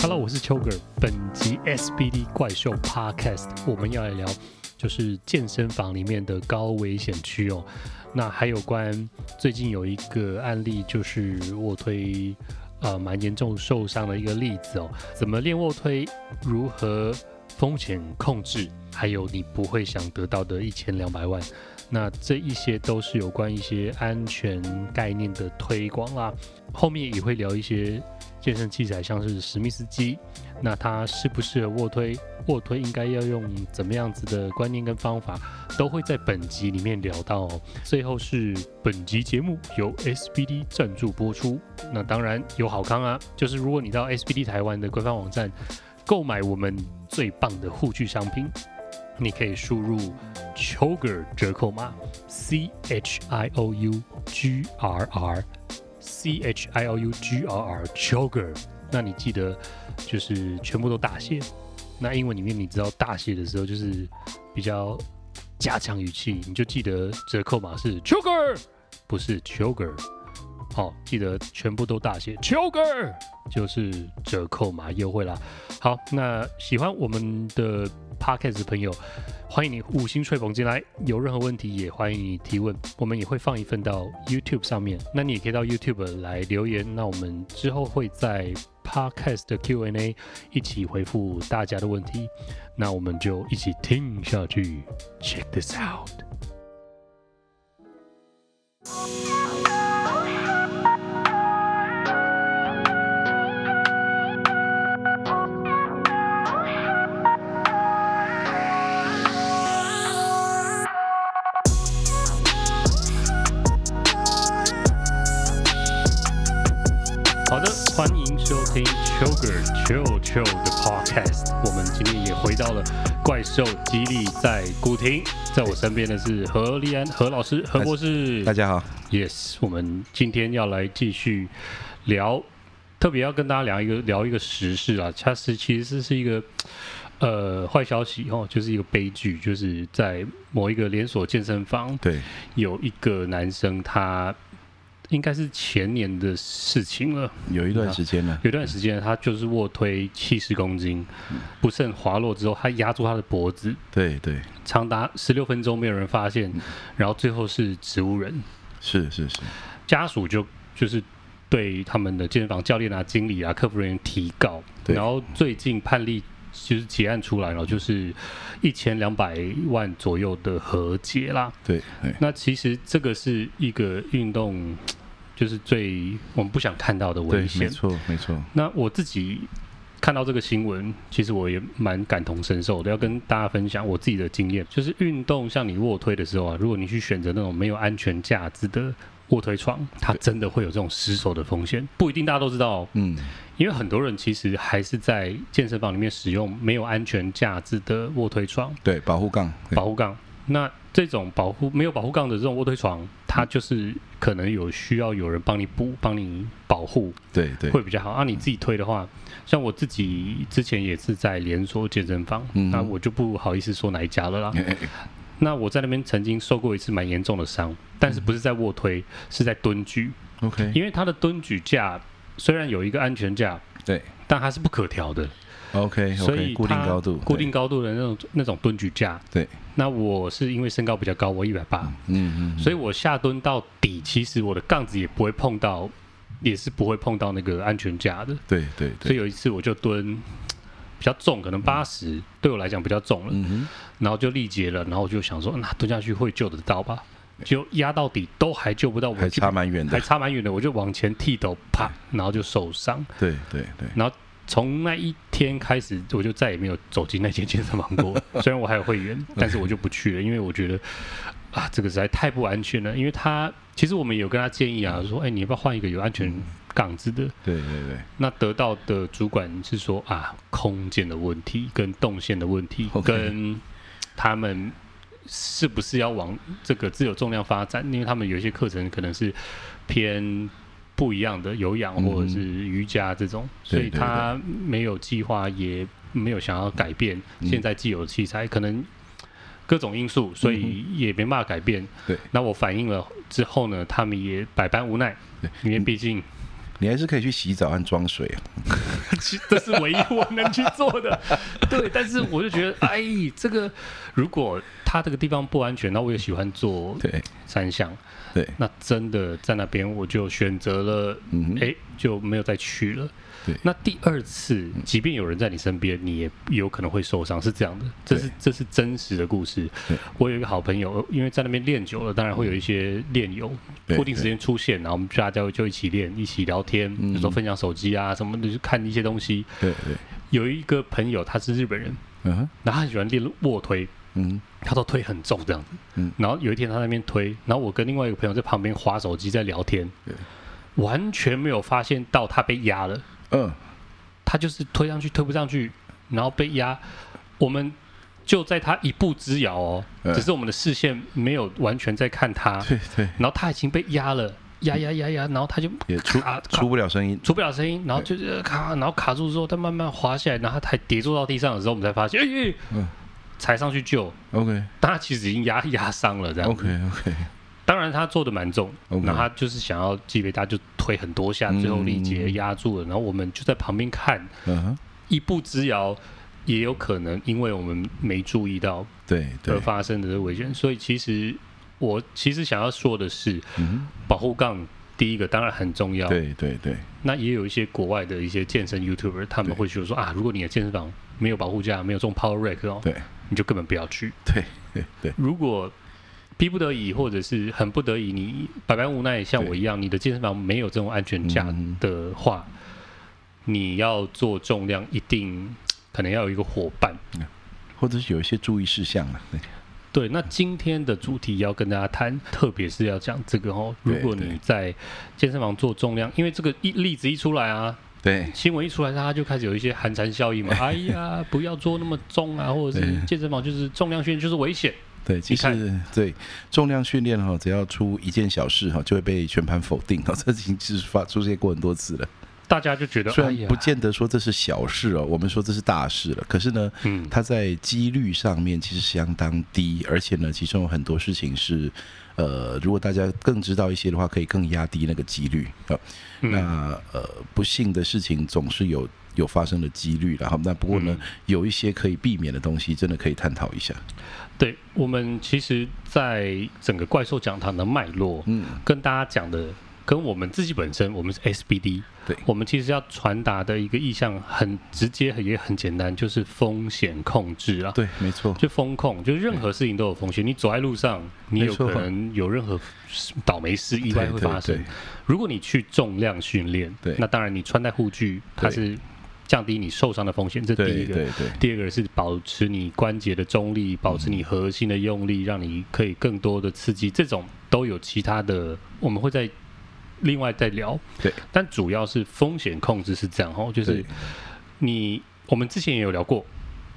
Hello，我是邱個。本集 SBD 怪獸 Podcast 我們要來聊，就是健身房裡面的高危險區哦。那還有關最近有一個案例，就是臥推啊、呃，蠻嚴重受傷的一個例子哦。怎麼練臥推？如何風險控制？還有你不會想得到的一千兩百萬？那這一些都是有關一些安全概念的推廣啦。後面也會聊一些健身器材，像是史密斯機，那它適不適合臥推？臥推應該要用怎麼樣子的觀念跟方法，都會在本集裡面聊到。最後是本集節目由 SBD 贊助播出，那當然有好康啊，就是如果你到 SBD 台灣的官方網站購買我們最棒的護具商品。你可以輸入 “CHIOUGRR” 折扣碼，C H I O U G R R C H I O U G R R CHIOUGRR。那你記得就是全部都大寫。那英文裡面你知道大寫的時候就是比較加強語氣，你就記得折扣碼是 “CHIOUGRR”，不是 “CHIOUGRR”。好、哦，記得全部都大寫，“CHIOUGRR” 就是折扣碼優惠啦。好，那喜歡我們的。Podcast 的朋友，歡迎你五星吹捧進來，有任何問題也歡迎你提問，我們也會放一份到 YouTube 上面，那你也可以到 YouTube 來留言，那我們之後會在 Podcast 的 Q&A 一起回復大家的問題，那我們就一起聽下去，Check this out。好的，歡迎收聽邱個 Chill Chill 的 Podcast。我們今天也回到了怪獸基地在古亭，在我身邊的是何立安何老師何博士。大家好，Yes。我們今天要來繼續聊，特別要跟大家聊一個聊一個時事啊，其實其實是一個呃壞消息哦，就是一個悲劇，就是在某一個連鎖健身房，對，有一個男生他。應該是前年的事情了，有一段時間呢，有一段時間他就是臥推七十公斤，不慎滑落之後，他壓住他的脖子，對對，長達十六分鐘沒有人發現，嗯，然後最後是植物人，是是是，家屬就就是對他們的健身房教練啊、經理啊、客服人員提告，對，然後最近判例就是結案出來了，就是一千兩百萬左右的和解啦，對，對，那其實這個是一個運動。就是最我們不想看到的危險。對，沒錯，沒錯。那我自己看到這個新聞，其實我也蠻感同身受的，要跟大家分享我自己的經驗。就是運動像你臥推的時候啊，如果你去選擇那種沒有安全架的臥推床，它真的會有這種失手的風險。不一定大家都知道哦，嗯，因為很多人其實還是在健身房裡面使用沒有安全架的臥推床。對，保護槓，保護槓。那這種保護沒有保護槓的這種臥推床，它就是。可能有需要有人幫你補、幫你保護，對對，會比較好。啊，你自己推的話，嗯、像我自己之前也是在連鎖健身房，嗯、那我就不，不好意思說哪一家了啦。 那我在那邊曾經受過一次蠻嚴重的傷，但是不是在臥推，嗯、是在蹲舉。OK，因為它的蹲舉架雖然有一個安全架，對，但它是不可調的。OK，所、okay、以固定高度，固定高度的那種那種蹲舉架。對，那我是因為身高比較高，我一百八，嗯嗯，嗯，所以我下蹲到底，其實我的槓子也不會碰到，也是不會碰到那個安全架的。對對，對，所以有一次我就蹲比較重，可能八十、嗯，對我來講比較重了，嗯嗯、然後就力竭了，然後我就想說，那、啊、蹲下去會救得到吧？就壓到底都還救不到我，我還差蠻遠的，還差蠻遠的，我就往前剃頭啪，然後就受傷。對對對，然後。從那一天開始，我就再也沒有走進那間健身房過。 雖然我還有會員，但是我就不去了，okay。因為我覺得啊，這個實在太不安全了。因為他其實我們有跟他建議啊，說，哎，你要不要換一個有安全槓子的？嗯、對對對。那得到的主管是說啊，空間的問題跟動線的問題，okay。跟他們是不是要往這個自由重量發展？因為他們有一些課程可能是偏。不一樣的有氧或者是瑜伽這種。所以他沒有計劃，也沒有想要改變現在既有器材，可能各種因素，所以也沒辦法改變。對，那我反映了之後呢，他們也百般無奈，因為畢竟你還是可以去洗澡和裝水，這是唯一我能去做的。對，但是我就覺得，哎，這個如果他這個地方不安全，那我也喜歡做。對，三項。對，那真的在那邊，我就選擇了，哎、嗯欸，就沒有再去了對。那第二次，即便有人在你身邊，你也有可能會受傷，是這樣的。這是這是真實的故事對。我有一個好朋友，因為在那邊練久了，當然會有一些練友，固定時間出現，然後我們大家就一起練，一起聊天，有時候分享手機啊什麼的，就看一些東西對對。有一個朋友他是日本人，嗯哼，然後他喜歡練臥推。嗯，他都推很重這樣子，嗯，然後有一天他那邊推，然後我跟另外一個朋友在旁邊滑手機在聊天，完全沒有發現到他被壓了，嗯，他就是推上去推不上去，然後被壓，我們就在他一步之遙哦，只是我們的視線沒有完全在看他，對對，對，然後他已經被壓了，壓壓壓壓，然後他就也出出不了聲音，出不了聲音，然後就是卡，然後卡住之後他慢慢滑下來，然後他才跌坐到地上的時候我們才發現，欸欸嗯抬上去救，OK，但他其實已經壓壓傷了，這樣，OK OK，當然他做的蠻重，okay, 然後他就是想要級別他就推很多下，嗯、最後力竭壓住了，然後我們就在旁邊看，嗯、一步之遙也有可能，因為我們沒注意到，對，而發生的這個危險，所以其實我其實想要說的是，嗯、保護槓第一個當然很重要，對對對，那也有一些國外的一些健身 YouTuber 他們會就說啊，如果你的健身房沒有保護架，沒有這種 Power Rack 哦，對。你就根本不要去。對對對。如果逼不得已，或者是很不得已，你百般無奈，像我一樣，你的健身房沒有這種安全架的話、嗯，你要做重量，一定可能要有一個伙伴，或者是有一些注意事項、啊、對。對，那今天的主題要跟大家談，特別是要講這個哦。如果你在健身房做重量，因為這個一例子一出來啊。對新聞一出來，大家就開始有一些寒蟬效應嘛。 哎呀，不要做那麼重啊，或者是健身房就是重量訓練就是危險。對，其實你看，對重量訓練哈，只要出一件小事哈、哦，就會被全盤否定啊、哦。這事情其實發出現過很多次了，大家就覺得哎，也不見得說這是小事哦、哎，我們說這是大事了。可是呢，嗯，它在幾率上面其實相當低，而且呢，其中有很多事情是。呃，如果大家更知道一些的話，可以更壓低那個幾率啊、哦。那、嗯、呃，不幸的事情總是有有發生的幾率，然後那不過呢、嗯，有一些可以避免的東西，真的可以探討一下。對，我們其實，在整個怪獸講堂的脈絡，嗯，跟大家講的。跟我們自己本身，我們是 SBD，對，我們其實要傳達的一個意向很直接，也很簡單，就是風險控制啊，對，沒錯，就風控，就是任何事情都有風險。你走在路上，你有可能有任何倒霉事、意外會發生。如果你去重量訓練，對，那當然你穿戴護具，它是降低你受傷的風險，這第一個對對對對。第二個是保持你關節的中立，保持你核心的用力、嗯，讓你可以更多的刺激。這種都有其他的，我們會在。另外再聊，對，但主要是風險控制是這樣吼，就是你，我們之前也有聊過，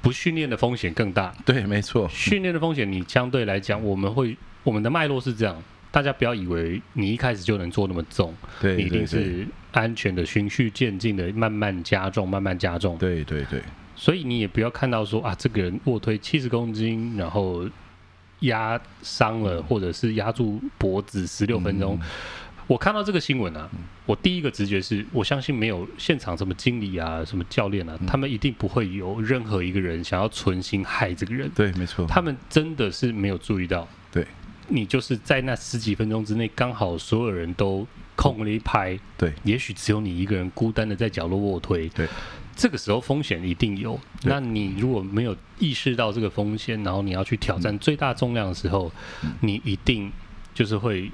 不訓練的風險更大，對，沒錯，訓練的風險你相對來講，我們會，我們的脈絡是這樣，大家不要以為你一開始就能做那麼重，對，你一定是安全的，循序漸進的，慢慢加重，慢慢加重，對對對，所以你也不要看到說啊，這個人臥推七十公斤，然後壓傷了，或者是壓住脖子十六分鐘。嗯我看到這個新聞啊，我第一個直覺是，我相信沒有現場什麼經理啊、什麼教練啊，他們一定不會有任何一個人想要存心害這個人。對，沒錯，他們真的是沒有注意到。對，你就是在那十幾分鐘之內，剛好所有人都空了一拍。哦，對，也許只有你一個人孤單的在角落臥推。對，這個時候風險一定有。那你如果沒有意識到這個風險，然後你要去挑戰最大重量的時候，嗯、你一定就是會。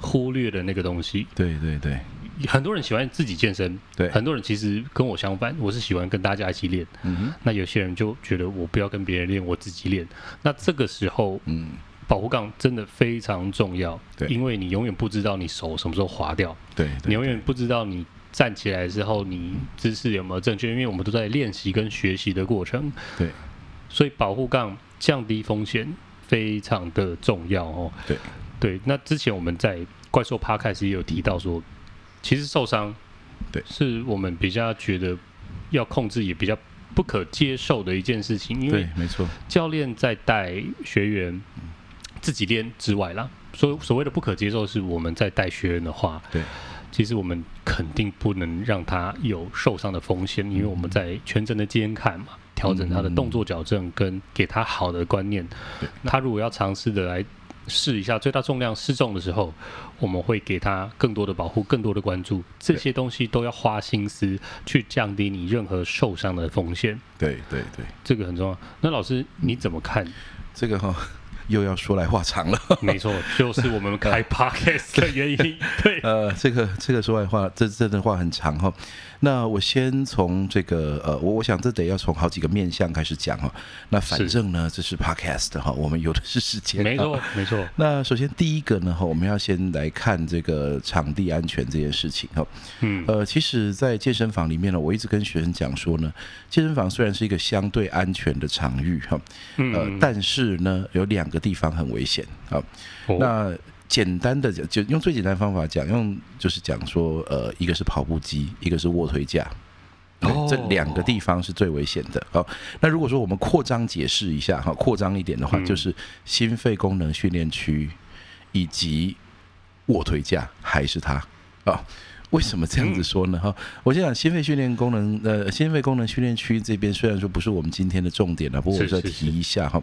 忽略的那個東西，對對對，很多人喜歡自己健身，對，很多人其實跟我相反，我是喜歡跟大家一起練，嗯，那有些人就覺得我不要跟別人練，我自己練，那這個時候，嗯，保護槓真的非常重要，對，因為你永遠不知道你手什麼時候滑掉，對，對，對你永遠不知道你站起來之後你姿勢有沒有正確，因為我們都在練習跟學習的過程，對，所以保護槓降低風險非常的重要哦，對。對，那之前我們在怪獸趴開始也有提到說，其實受傷，對，是我們比較覺得要控制也比較不可接受的一件事情。對，沒錯。教練在帶學員自己練之外啦，所所謂的不可接受是我們在帶學員的話，對，其實我們肯定不能讓他有受傷的風險，因為我們在全程的監看嘛，調整他的動作矯正跟給他好的觀念。對，他如果要嘗試的來。試一下最大重量試重的時候，我們會給他更多的保護，更多的關注。這些東西都要花心思去降低你任何受傷的風險。對對對，這個很重要。那老師你怎麼看這個哈、哦？又要說來話長了，沒錯，就是我們開 Podcast 的原因。 對，呃，這個這個說來話，這這段話很長哈。那我先從這個呃，我我想這得要從好幾個面向開始講哈。那反正呢，是這是 Podcast 哈，我們有的是時間。沒錯、哦，沒錯。那首先第一個呢，我們要先來看這個場地安全這件事情哈。嗯，呃，其實，在健身房裡面呢，我一直跟學生講說呢，健身房雖然是一個相對安全的場域哈，呃，嗯、但是呢，有兩個。地方很危險啊！那簡單的就用最簡單的方法講，用就是講說，呃，一個是跑步機，一個是臥推架，oh. 這兩個地方是最危險的，好，那如果說我們擴張解釋一下哈，擴張一點的話，嗯，就是心肺功能訓練區以及臥推架還是它啊。為什麼這樣子說呢？哈，我先講心肺訓練功能，呃，心肺功能訓練區這邊雖然說不是我們今天的重點了，不過我還要提一下哈。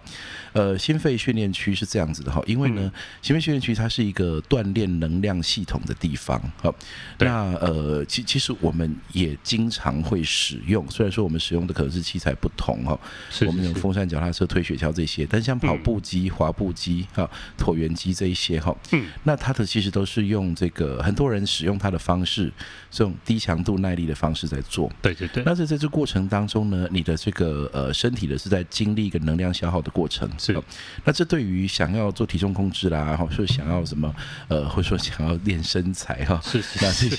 呃，心肺訓練區是這樣子的哈，因為呢，心肺訓練區它是一個鍛鍊能量系統的地方。哈，那呃，其其實我們也經常會使用，雖然說我們使用的可能是器材不同哈，我們有風扇、腳踏車、推雪橇這些，但像跑步機、滑步機、哈、橢圓機這一些哈，嗯，那它的其實都是用這個很多人使用它的方式。是這種低強度耐力的方式在做，對對對。那在在這過程當中呢，你的這個呃身體的是在經歷一個能量消耗的過程，是、哦、那這對於想要做體重控制啦，然後說想要什麼呃，或者說想要練身材哈、 哦，那這些、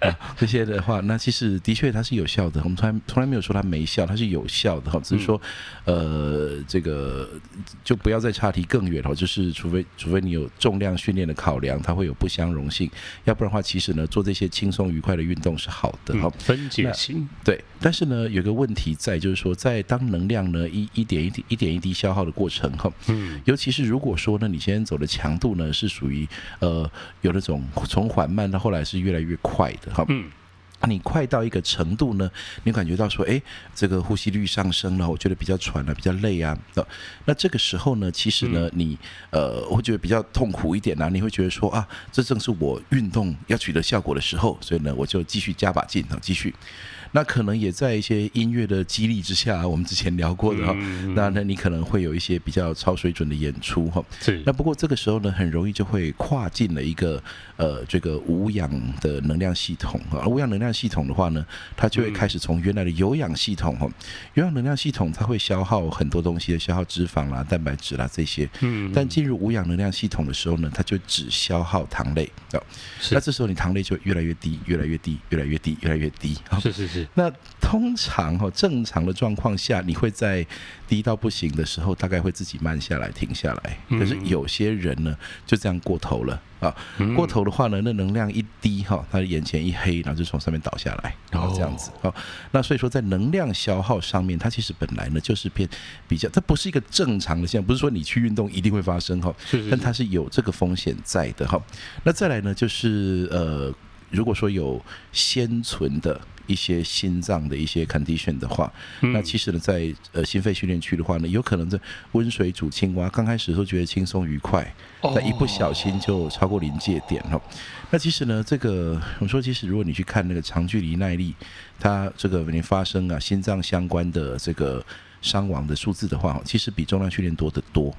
哦、這些的話，那其實的確它是有效的，我們從來從來沒有說它沒效，它是有效的哈、哦。只是說、嗯、呃這個就不要再岔題更遠了、哦，就是除非除非你有重量訓練的考量，它會有不相容性，要不然的話，其實呢做這些。輕鬆愉快的運動是好的好、嗯、分解性對，但是呢，有個問題在，就是說，在當能量呢一一點一滴一點一滴消耗的過程哈、嗯，尤其是如果說呢，你現在走的強度呢是屬於呃有那種從緩慢到後來是越來越快的哈，嗯嗯你快到一個程度呢，你感覺到說，哎，這個呼吸率上升了，我覺得比較喘了啊，比較累啊。那這個時候呢，其實呢，你呃，會覺得比較痛苦一點啊。你會覺得說啊，這正是我運動要取得效果的時候，所以呢，我就繼續加把勁啊，繼續。那可能也在一些音樂的激勵之下、啊，我們之前聊過的哈、哦嗯嗯，那那你可能會有一些比較超水準的演出哈、哦。那不過這個時候呢，很容易就會跨進了一個呃這個無氧的能量系統而、哦、無氧能量系統的話呢，它就會開始從原來的有氧系統哈、哦，有、嗯、氧能量系統它會消耗很多東西的，消耗脂肪啦、蛋白質啦這些。嗯，嗯。但進入無氧能量系統的時候呢，它就只消耗糖類的、哦。是。那這時候你糖類就越來越低，越來越低，越來越低，越來越低。越來越低，是是是。那通常哈、哦、正常的狀況下，你會在低到不行的時候，大概會自己慢下來、停下來。可是有些人呢，就這樣過頭了啊、哦。過頭的話呢，那能量一低哈、哦，他眼前一黑，然後就從上面倒下來，然後這樣子哈、oh. 哦，那所以說，在能量消耗上面，它其實本來呢就是變比較，它不是一個正常的現象，不是說你去運動一定會發生哈。是、哦。但它是有這個風險在的哈、哦。那再來呢，就是呃，如果說有先存的。一些心臟的一些 condition 的話，嗯、那其實呢，在呃心肺訓練區的話呢，有可能在溫水煮青蛙，剛開始都覺得輕鬆愉快，但一不小心就超過臨界點了、哦。那其實呢，這個我說，其實如果你去看那個長距離耐力，它這個你發生啊心臟相關的這個。傷亡的數字的話，其實比重量訓練多得多。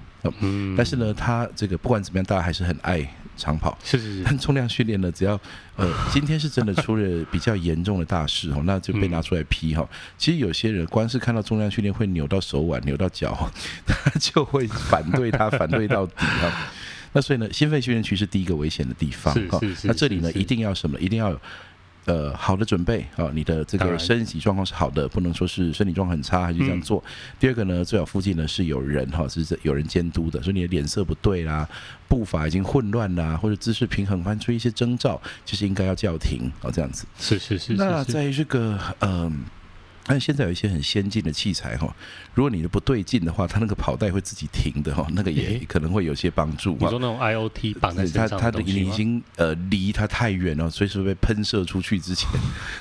但是呢，他這個不管怎麼樣，大家還是很愛長跑。是是是。重量訓練呢，只要呃，今天是真的出了比較嚴重的大事哦，那就被拿出來批哈。嗯、其實有些人光是看到重量訓練會扭到手腕、扭到腳，他就會反對他反對到底 那所以呢，心肺訓練區是第一個危險的地方。是是是是。那這裡呢，一定要什麼？一定要。呃，好的準備好、哦。你的這個身體狀況是好的、的，不能說是身體狀況很差還是這樣做、嗯。第二個呢，最好附近呢是有人哈，是有人監、哦、督的，所以你的臉色不對啦、啊，步伐已經混亂啦，或者姿勢平衡翻出一些徵兆，其、就、實、是、應該要叫停好、哦，這樣子。是是是、是。那在這個嗯。呃但現在有一些很先進的器材哈、哦，如果你的不對勁的話，它那個跑帶會自己停的哈、哦，那個也可能會有些幫助、哦。你說那種 IoT 綁的，它它的已經呃離它太遠了、哦，隨時會被噴射出去之前，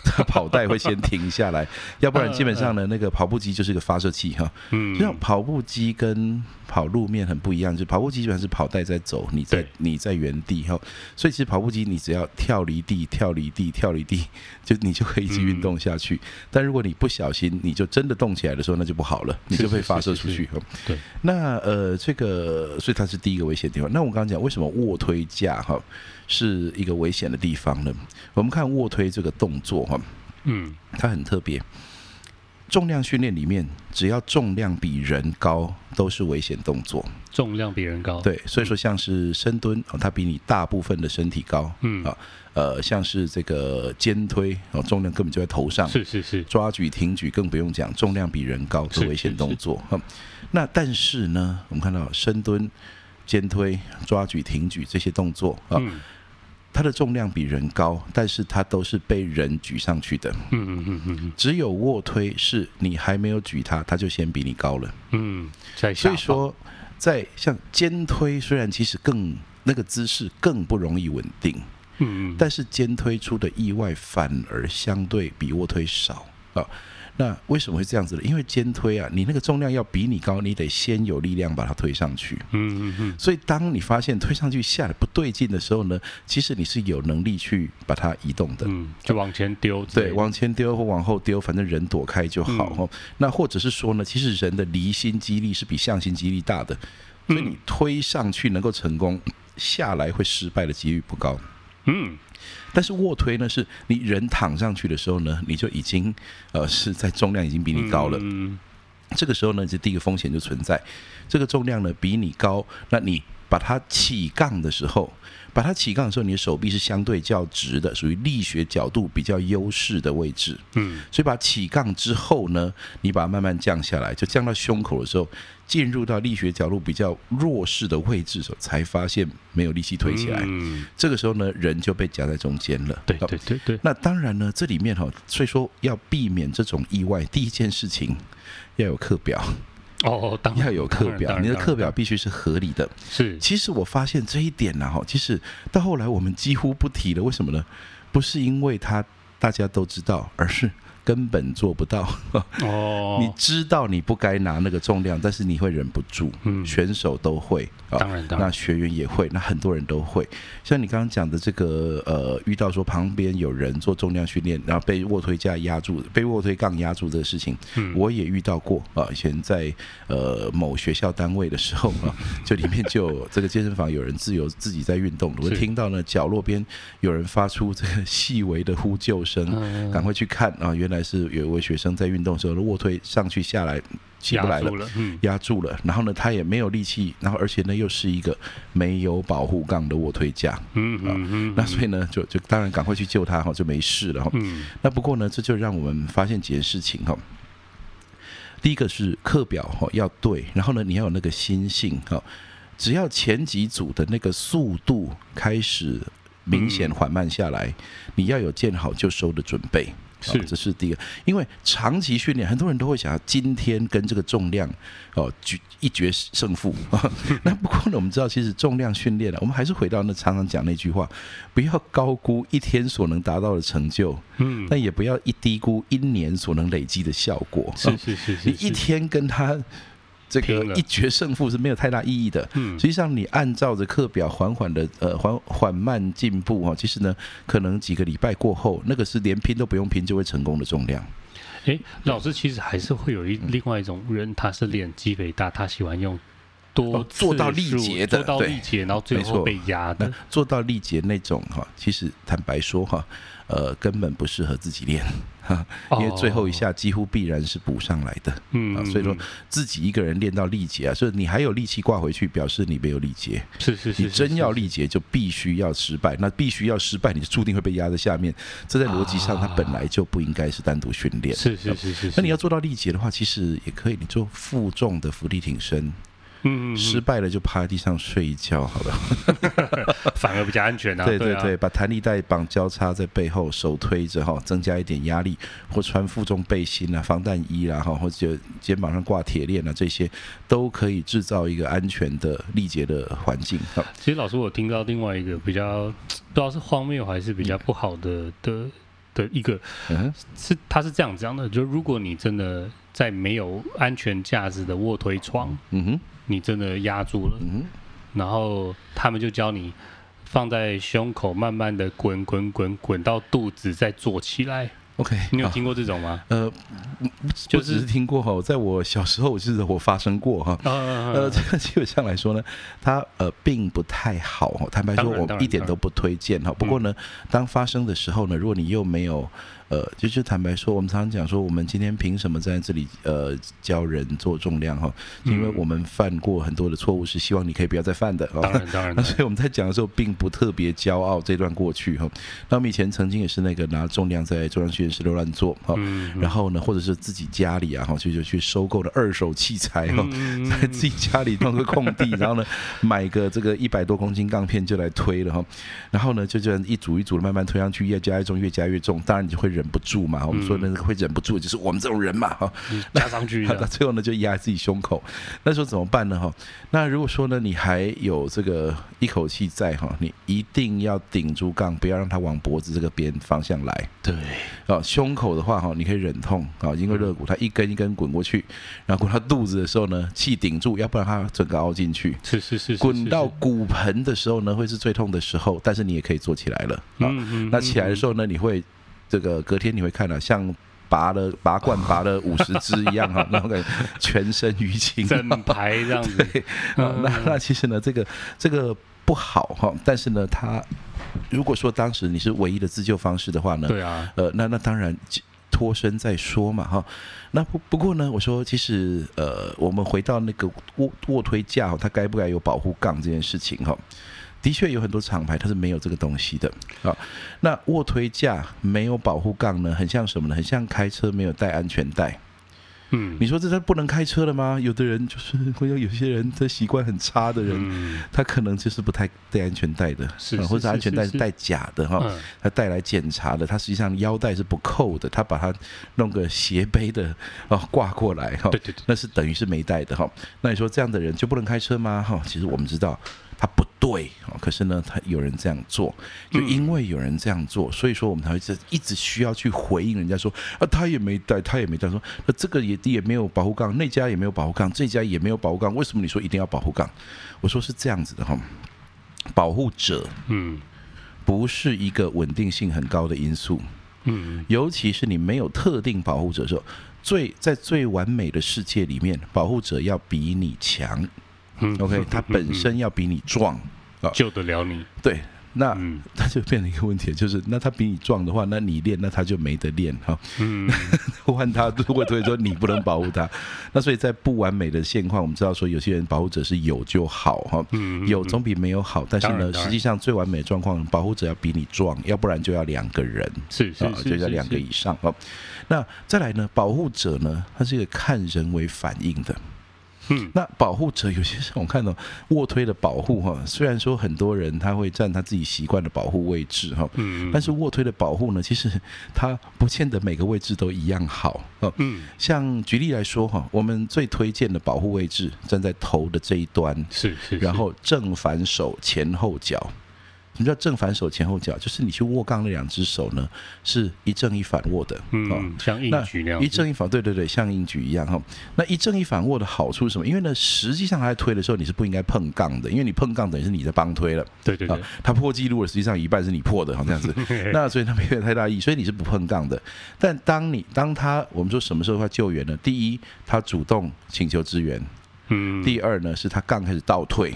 它跑帶會先停下來， 要不然基本上呢，那個跑步機就是一個發射器哈、哦。嗯，像跑步機跟跑路面很不一樣，就是，跑步機基本上是跑帶在走，你在你在原地哈，所以其實跑步機你只要跳離地、跳離地、跳離地，就你就可以去運動下去、嗯。但如果你不小心，你就真的動起來的時候，那就不好了，你就會發射出去哈。對，那呃，這個所以它是第一個危險地方。那我剛剛講為什麼臥推架哈是一個危險的地方呢？我們看臥推這個動作哈，嗯，它很特別。重量訓練裡面，只要重量比人高，都是危險動作。重量比人高，對，所以說像是深蹲，它比你大部分的身體高，嗯啊，呃，像是這個肩推，哦，重量根本就在頭上，是是是，抓舉、挺舉更不用講，重量比人高，是危險動作是是是。那但是呢，我們看到深蹲、肩推、抓舉、挺舉這些動作啊。嗯它的重量比人高，但是它都是被人舉上去的。嗯嗯嗯嗯，只有臥推是你還沒有舉它，它就先比你高了。嗯，所以說，在像肩推雖然其實更那個姿勢更不容易穩定，嗯嗯，但是肩推出的意外反而相對比臥推少啊。那為什麼會這樣子呢？因為肩推啊，你那個重量要比你高，你得先有力量把它推上去。嗯嗯嗯。所以當你發現推上去下來不對勁的時候呢，其實你是有能力去把它移動的。嗯，就往前丟。對，往前丟或往後丟，反正人躲開就好哦、嗯，那或者是說呢，其實人的離心肌力是比向心肌力大的，所以你推上去能夠成功，下來會失敗的幾率不高。嗯。嗯但是臥推呢，是你人躺上去的時候呢，你就已經呃是在重量已經比你高了。嗯、這個時候呢，這第一個風險就存在，這個重量呢比你高，那你把它起槓的時候。把它起槓的時候，你的手臂是相對較直的，屬於力學角度比較優勢的位置。嗯，所以把它起槓之後呢，你把它慢慢降下來，就降到胸口的時候，進入到力學角度比較弱勢的位置的時候，才發現沒有力氣推起來。嗯，這個時候呢，人就被夾在中間了。對對對對。哦。那當然呢，這裡面哈、哦，所以說要避免這種意外，第一件事情要有課表。哦哦，當然要有課表，你的課表必須是合理的。是，其實我發現這一點呢，哈，其實到後來我們幾乎不提了，為什麼呢？不是因為它大家都知道，而是。根本做不到哦、oh. 你知道你不該拿那個重量，但是你會忍不住。嗯，選手都會，當然，當然，那學員也會，那很多人都會。像你剛剛講的這個，呃，遇到說旁邊有人做重量訓練，然後被臥推架壓住，被臥推槓壓住這個事情、嗯，我也遇到過啊。以前在呃某學校單位的時候啊， 就裡面就有這個健身房有人自由自己在運動，我聽到呢角落邊有人發出這個細微的呼救聲，嗯、趕快去看啊，原來。還是有一位學生在運動的時候的臥推上去下來起不來了，壓住了、嗯、壓住了。然後呢，他也沒有力氣，然後而且呢又是一個沒有保護槓的臥推架。嗯嗯,嗯、哦，那所以呢，就就當然趕快去救他哈、哦，就沒事了、哦。嗯，那不過呢，這就讓我們發現幾件事情哈、哦。第一個是課表哈、哦、要對，然後呢你要有那個心性哈、哦，只要前幾組的那個速度開始明顯緩慢下來，嗯、你要有見好就收的準備。是、哦，這是第一個，因為長期訓練，很多人都會想要今天跟這個重量哦決一決勝負、哦。那不過呢，我們知道，其實重量訓練呢，我們還是回到那常常講那句話：不要高估一天所能達到的成就，嗯，那也不要一低估一年所能累積的效果、哦。你一天跟他。這個一決勝負是沒有太大意義的。嗯，實際上你按照着課表緩緩的呃緩緩慢進步哈，其實呢可能幾個禮拜過後，那個是連拼都不用拼就會成功的重量。哎、欸，老師其實還是會有一、嗯、另外一種人，他是練肌肥大，他喜歡用多、哦、做到力竭的，做到力竭、對、然後最後被壓的，沒錯、那做到力竭那種哈，其實坦白說哈，呃根本不適合自己練。哈，因為最後一下幾乎必然是補上來的，嗯、哦啊，所以說自己一個人練到力竭啊，就是你還有力氣掛回去，表示你沒有力竭，是是是，你真要力竭就必須要失敗，那必須要失敗，你就注定會被壓在下面，這在邏輯上它本來就不應該是單獨訓練，啊、是，是，是是是那你要做到力竭的話，其實也可以，你做負重的伏地挺身。嗯,嗯，嗯、失敗了就趴在地上睡一覺，好了， 反而比較安全啊對,啊對對對，把彈力帶綁交叉在背後，手推着哈、哦，增加一點壓力，或穿負重背心啊、防彈衣啦、啊、哈，或者肩膀上掛鐵鏈啊，這些都可以制造一個安全的力竭的環境。哈、哦，其實老師，我有聽到另外一個比較不知道是荒謬還是比較不好的的的一個，嗯，是他是這樣講的，就如果你真的在沒有安全架子的臥推床、嗯，嗯哼。你真的壓住了，嗯，然後他們就教你放在胸口，慢慢的滾滾滾滾到肚子，再坐起來。OK，你有聽過這種嗎？啊，呃，我，就是，只是聽過哈，在我小時候我記得我發生過哈，啊啊啊啊啊。呃，這個基本上來說呢，它呃並不太好，坦白說，我一點都不推薦哈，嗯。不過呢，當發生的時候呢，如果你又沒有。呃，就是坦白說，我們常常講說，我們今天憑什麼在這裡呃教人做重量哈？哦、就因為我們犯過很多的錯誤，是希望你可以不要再犯的啊、哦。當然，當然、啊。所以我們在講的時候，並不特別驕傲這段過去哈。那、哦、我們以前曾經也是那個拿重量在重量訓練室裡亂做哈，然後呢，或者是自己家裡啊，哈，就就去收購的二手器材哈，在自己家裡弄個空地，然後呢，買個這個一百多公斤槓片就來推了哈，然後呢，就這樣一組一組的慢慢推上去，越加越重，越加越重，當然你就會。忍不住嘛？我們說呢，會忍不住，就是我們這種人嘛哈。壓、嗯、上去，那最後呢，就壓自己胸口。那時候怎麼辦呢？哈，那如果說呢，你還有這個一口氣在哈，你一定要頂住槓，不要讓它往脖子這個邊方向來。對啊，胸口的話哈，你可以忍痛啊，因為肋骨它一根一根滾過去，然後滾到肚子的時候呢，氣頂住，要不然它整個凹進去。是是，是是是，滾到骨盆的時候呢，會是最痛的時候，但是你也可以坐起來了啊、嗯嗯。那起來的時候呢，你會。這個隔天你會看到，啊，像拔了拔罐拔了五十支一樣哈， 然後全身淤青，整排這樣子。嗯嗯。那那其實呢，這個這個不好哈。但是呢，他如果說當時你是唯一的自救方式的話呢，對啊，呃，那那當然脫身再說嘛哈，哦。那不不過呢，我說其實呃，我們回到那個臥臥推架，它該不該有保護槓這件事情哈。哦的確有很多廠牌，它是沒有這個東西的啊。那臥推架沒有保護槓呢，很像什麼呢？很像開車沒有帶安全帶。嗯，你說這他不能開車了嗎？有的人就是會有，有些人的習慣很差的人，他、嗯、可能就是不太帶安全帶的，是，是，是，是，是，是，或者安全帶是帶假的哈，他帶來檢查的，他實際上腰帶是不扣的，他把它弄個斜背的哦掛過來哈，對對對，那是等於是沒帶的哈。那你說這樣的人就不能開車嗎？哈，其實我們知道。他不對，可是呢，他有人這樣做，就因為有人這樣做，所以說我們才會一直，一直需要去回應人家說啊，他也沒帶，他也沒帶，說那、啊、這個也也沒有保護槓，那家也沒有保護槓，這家也沒有保護槓，為什麼你說一定要保護槓？我說是這樣子的哈，保護者嗯，不是一個穩定性很高的因素嗯，尤其是你沒有特定保護者的時候，最在最完美的世界裡面，保護者要比你強。o、okay, k 他本身要比你壯，啊，救得了你。哦、對，那他、嗯、就變成一個問題，就是那他比你壯的話，那你練，那他就沒得練哈、哦。嗯，換 他，如果所以說你不能保護他， 那所以在不完美的現況，我們知道說有些人保護者是有就好哈、哦，有總比沒有好。但是呢，實際上最完美的狀況，保護者要比你壯，要不然就要兩個人，是是是、哦，就要兩個以上。哈、哦，那再來呢，保護者呢，他是一個看人為反應的。嗯，那保護者有些時候我們看到、哦、臥推的保護哈、哦，雖然說很多人他會站他自己習慣的保護位置哈、哦，嗯、嗯，但是臥推的保護呢，其實他不見得每個位置都一樣好、哦、嗯，像舉例來說哈、哦，我們最推薦的保護位置，站在頭的這一端，是是、是、是，然後正反手前後腳。什麼叫正反手前後腳？就是你去握槓那兩只手呢，是一正一反握的。嗯，像硬舉那樣。一正一反，對對對，像硬舉一樣哈。那一正一反握的好處是什麼？因為呢，實際上他在推的時候你是不應該碰槓的，因為你碰槓等於是你在幫推了。對對對，啊，他破紀錄了，實際上一半是你破的哈，好像這樣子。那所以它沒有太大意義， 所以你是不碰槓的。但當你當他我們說什麼時候要救援呢？第一，他主動請求支援。嗯。第二呢，是他槓開始倒退。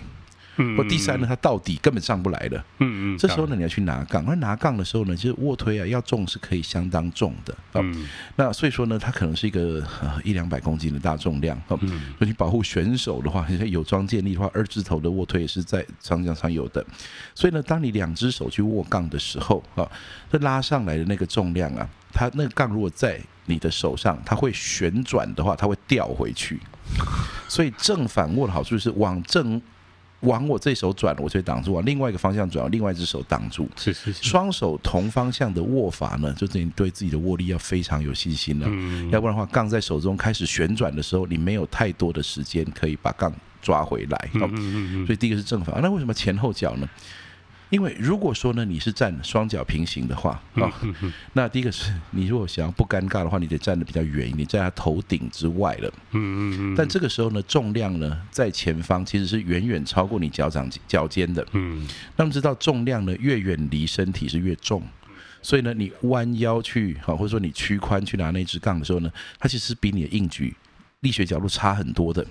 不第三呢，它到底根本上不來的。嗯嗯，這時候呢，你要去拿槓。而拿槓的時候呢，其實臥推啊，要重是可以相當重的。嗯、那所以說呢，它可能是一個一兩百公斤的大重量。嗯，所以你保護選手的話，你看有裝健力的話，二字頭的臥推也是在場地上有的。所以呢，當你兩只手去握槓的時候啊，這拉上來的那個重量啊，它那個槓如果在你的手上，它會旋轉的話，它會掉回去。所以正反握的好處是往正。往我這手轉，我就會擋住；往另外一個方向轉，往另外一只手擋住。是是，是是，雙手同方向的握法呢，就等於對自己的握力要非常有信心了哦。嗯嗯，要不然的話，槓在手中開始旋轉的時候，你沒有太多的時間可以把槓抓回來。嗯嗯嗯嗯嗯，所以第一個是正反，那為什麼前後腳呢？因為如果說呢，你是站雙腳平行的話、哦、那第一個是你如果想要不尷尬的話，你得站得比較遠一點，你在他頭頂之外了。嗯嗯嗯。但這個時候呢，重量呢在前方其實是遠遠超過你腳掌腳尖的。嗯。那麼知道重量呢越遠離身體是越重，所以呢你彎腰去啊、哦，或者說你屈髖去拿那支槓的時候呢，它其實是比你的硬舉力學角度差很多的，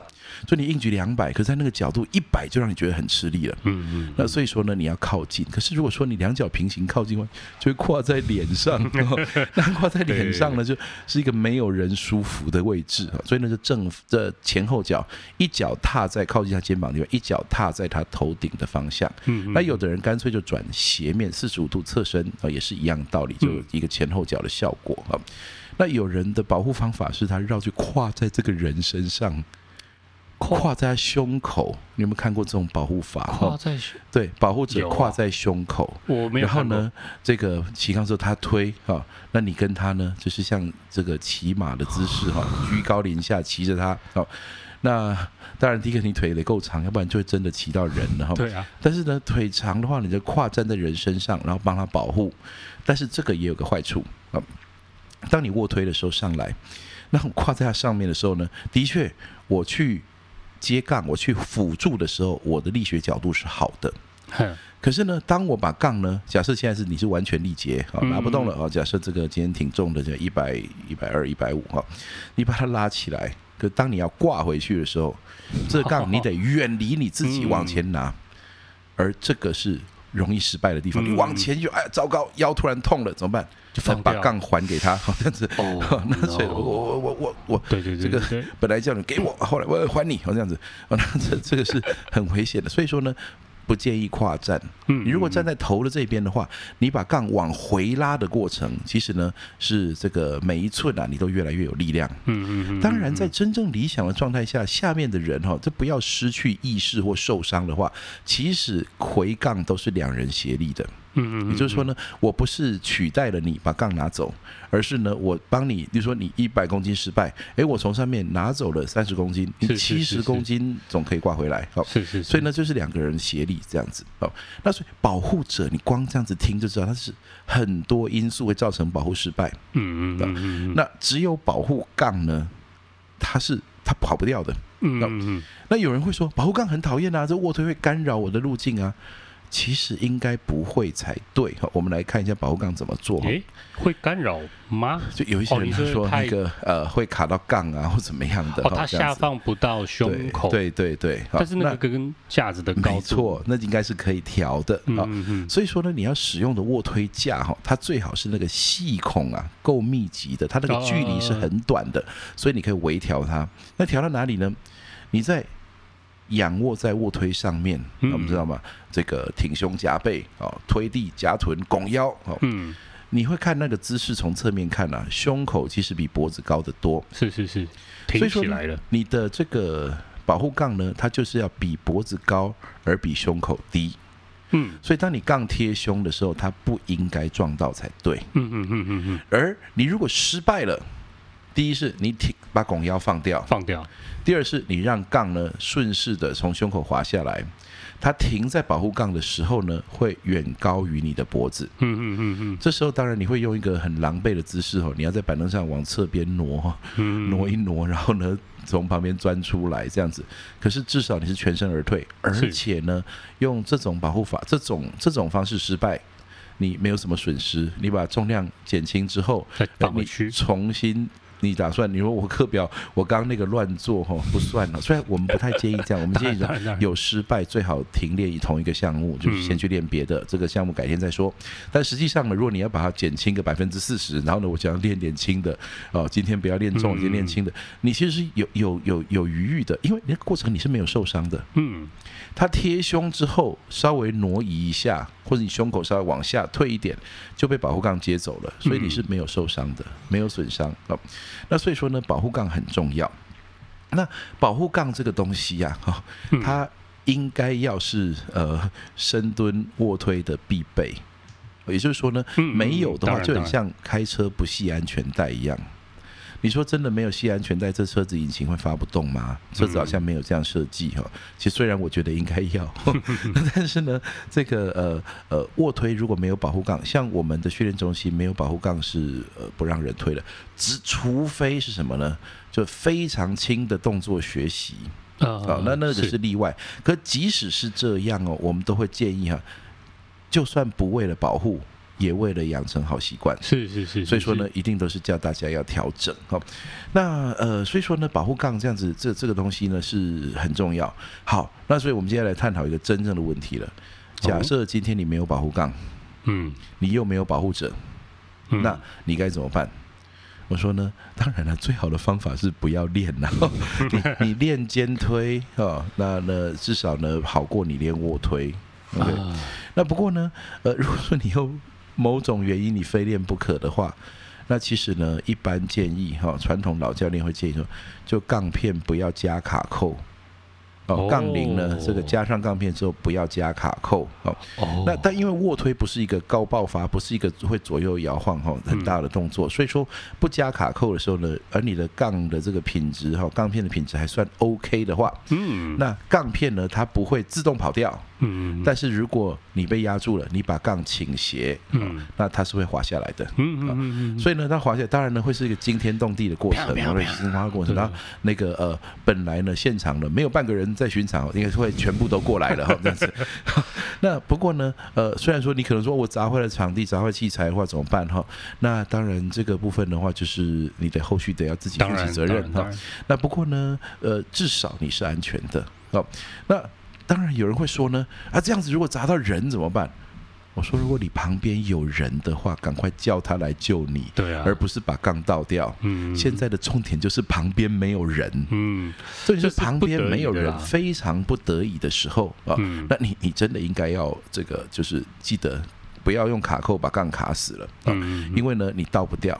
所以你硬舉兩百，可是在那個角度一百就讓你覺得很吃力了。嗯嗯，嗯。那所以說呢，你要靠近。可是如果說你兩腳平行靠近，就會跨在臉上。那 跨、哦、在臉上呢， 就是一個沒有人舒服的位置。所以呢，就正的前後腳，一腳踏在靠近他肩膀的地方，一腳踏在他頭頂的方向。嗯，嗯。嗯、那有的人乾脆就轉斜面四十五度側身啊，也是一樣道理，就有一個前後腳的效果啊。那有人的保護方法是他繞去跨在這個人身上，跨，跨在他胸口。你有沒有看過這種保護法？對，保護者跨在胸口。啊、然後呢，這個齊康說他推哈、哦，那你跟他呢，就是像這個騎馬的姿勢哈，居高臨下騎着他。好、哦，那當然，第一個你腿得夠長，要不然就會真的騎到人了哈。對啊。但是呢，腿長的話，你就跨站在人身上，然後幫他保護。但是這個也有個壞處啊。哦當你臥推的時候上來，那掛在它上面的時候呢？的確，我去接槓，我去輔助的時候，我的力學角度是好的。嗯、可是呢，當我把槓呢，假設現在是你是完全力竭好、哦、拿不動了啊、哦。假設這個今天挺重的，叫一百、一百二、一百五哈，你把它拉起來。可當你要掛回去的時候，哦、這個、槓你得遠離你自己往前拿，嗯、而這個是。容易失敗的地方，嗯、你往前就哎呀糟糕，腰突然痛了，怎麼辦？就把把槓還給他，好、哦、這樣子。哦、那所以、no，我我我我我，對對對、對，這個本來叫你給我，後來我還你，好這樣子。這、哦、這個是很危險的，所以說呢。不建議跨站。嗯，你如果站在頭的這邊的話，你把槓往回拉的過程，其實呢是這個每一寸啊，你都越來越有力量。嗯嗯嗯。當然，在真正理想的狀態下，下面的人哈、哦，這不要失去意識或受傷的話，其實回槓都是兩人協力的。嗯嗯，也就是說呢，我不是取代了你把槓拿走，而是呢，我幫你，比如說你一百公斤失敗，誒、欸，我從上面拿走了三十公斤，你七十公斤總可以掛回來，是是是是好，是是，是，所以呢，就是兩個人協力這樣子，好，那所以保護者，你光這樣子聽就知道，它是很多因素會造成保護失敗，嗯嗯嗯，嗯那只有保護槓呢，它是它跑不掉的，嗯嗯，嗯，那有人會說保護槓很討厭啊，這臥推會干擾我的路徑啊。其實應該不會才對。我們來看一下保護槓怎麼做。誒、欸，會干擾嗎？就有一些人是說那個、哦、是是呃，會卡到槓啊，或怎麼樣的。哦、它下放不到胸口對。對對對。但是那個跟架子的高。沒錯，那應該是可以調的。嗯，所以說呢，你要使用的臥推架哈，它最好是那個細孔啊，夠密集的，它那個距離是很短的，所以你可以微調它。那調到哪裡呢？你在。仰臥在臥推上面，你、嗯、我們知道嗎？這個挺胸夾背哦，推地夾臀拱腰哦、嗯。你會看那個姿勢從側面看啊，胸口其實比脖子高得多，是是是，挺起來了。你的這個保護槓呢，它就是要比脖子高而比胸口低，嗯，所以當你槓貼胸的時候，它不應該撞到才對，嗯嗯嗯嗯嗯。而你如果失敗了，第一是你挺。把拱腰放掉，放掉。第二是，你讓槓呢順勢地從胸口滑下來，它停在保護槓的時候呢，會遠高於你的脖子。嗯嗯嗯嗯。這時候當然你會用一個很狼狽的姿勢哦，你要在板凳上往側邊挪，挪一挪，然後呢從旁邊鑽出來這樣子。可是至少你是全身而退，而且呢用這種保護法，這種這種方式失敗，你沒有什麼損失。你把重量減輕之後，再回去呃，你重新。你打算你說，我課表我剛剛那個亂做吼，不算了，雖然我們不太建議這樣，我們建議有失敗最好停練同一個項目，就是先去練別的這個項目改天再說。嗯、但實際上呢，如果你要把它減輕個百分之四十，然後呢，我想要練點輕的哦，今天不要練重，先練輕的，你其實是有有有有餘裕的，因為那個過程你是沒有受傷的。嗯。它貼胸之後，稍微挪移一下，或者你胸口稍微往下退一點，就被保護槓接走了，所以你是沒有受傷的，嗯，沒有損傷哦。那所以說呢，保護槓很重要。那保護槓這個東西呀，啊哦，它應該要是呃深蹲臥推的必備，也就是說呢，沒有的話就很像開車不繫安全帶一樣。你說真的沒有繫安全帶，這車子引擎會發不動嗎？車子好像沒有這樣設計哈、哦。其實雖然我覺得應該要，但是呢，這個呃呃臥推如果沒有保護槓，像我們的訓練中心沒有保護槓是呃不讓人推的，只除非是什麼呢？就非常輕的動作學習啊、uh, 哦。那那個是例外是。可即使是這樣哦，我們都會建議哈、啊，就算不為了保護。也為了養成好習慣，是是，是是是，所以說呢，一定都是叫大家要調整好。那呃，所以說呢，保護槓這樣子，這個、這個東西呢是很重要。好，那所以我們接下來探討一個真正的問題了。假設今天你沒有保護槓，嗯、哦，你又沒有保護者、嗯，那你該怎麼辦？我說呢，當然了，最好的方法是不要練啦、啊。 你你練肩推啊、哦，那呢至少呢好過你練臥推。OK、啊、那不過呢，呃，如果說你又某種原因你非練不可的話，那其實呢，一般建議哈，傳統老教練會建議說，就槓片不要加卡扣哦，槓鈴呢，這個加上槓片之後不要加卡扣哦那。那但因為臥推不是一個高爆發，不是一個會左右搖晃哈很大的動作，嗯，所以說不加卡扣的時候呢，而你的槓的這個品質哈，槓片的品質還算 OK 的話，嗯，那槓片呢它不會自動跑掉。嗯但是如果你被壓住了，你把槓傾斜，嗯，哦、那它是會滑下來的，哦、嗯嗯，嗯所以呢，它滑下來當然呢會是一個驚天動地的過程，過程，然後那個呃本來呢現場呢沒有半個人在巡場，應該是會全部都過來了哈、哦、這樣子。 那不過呢呃雖然說你可能說我砸壞了場地，砸壞器材的話怎麼辦哈、哦？那當然這個部分的話就是你的後續得要自己負起責任哈、哦。那不過呢呃至少你是安全的啊、哦、那。當然有人會說呢，啊這樣子如果砸到人怎麼辦？我說如果你旁邊有人的話，趕快叫他來救你，對啊，而不是把槓倒掉、嗯。現在的重點就是旁邊沒有人，嗯，所以是旁邊沒有人非常不得已的時候、嗯、啊，那你你真的應該要這個就是記得不要用卡扣把槓卡死了啊、嗯，因為呢你倒不掉。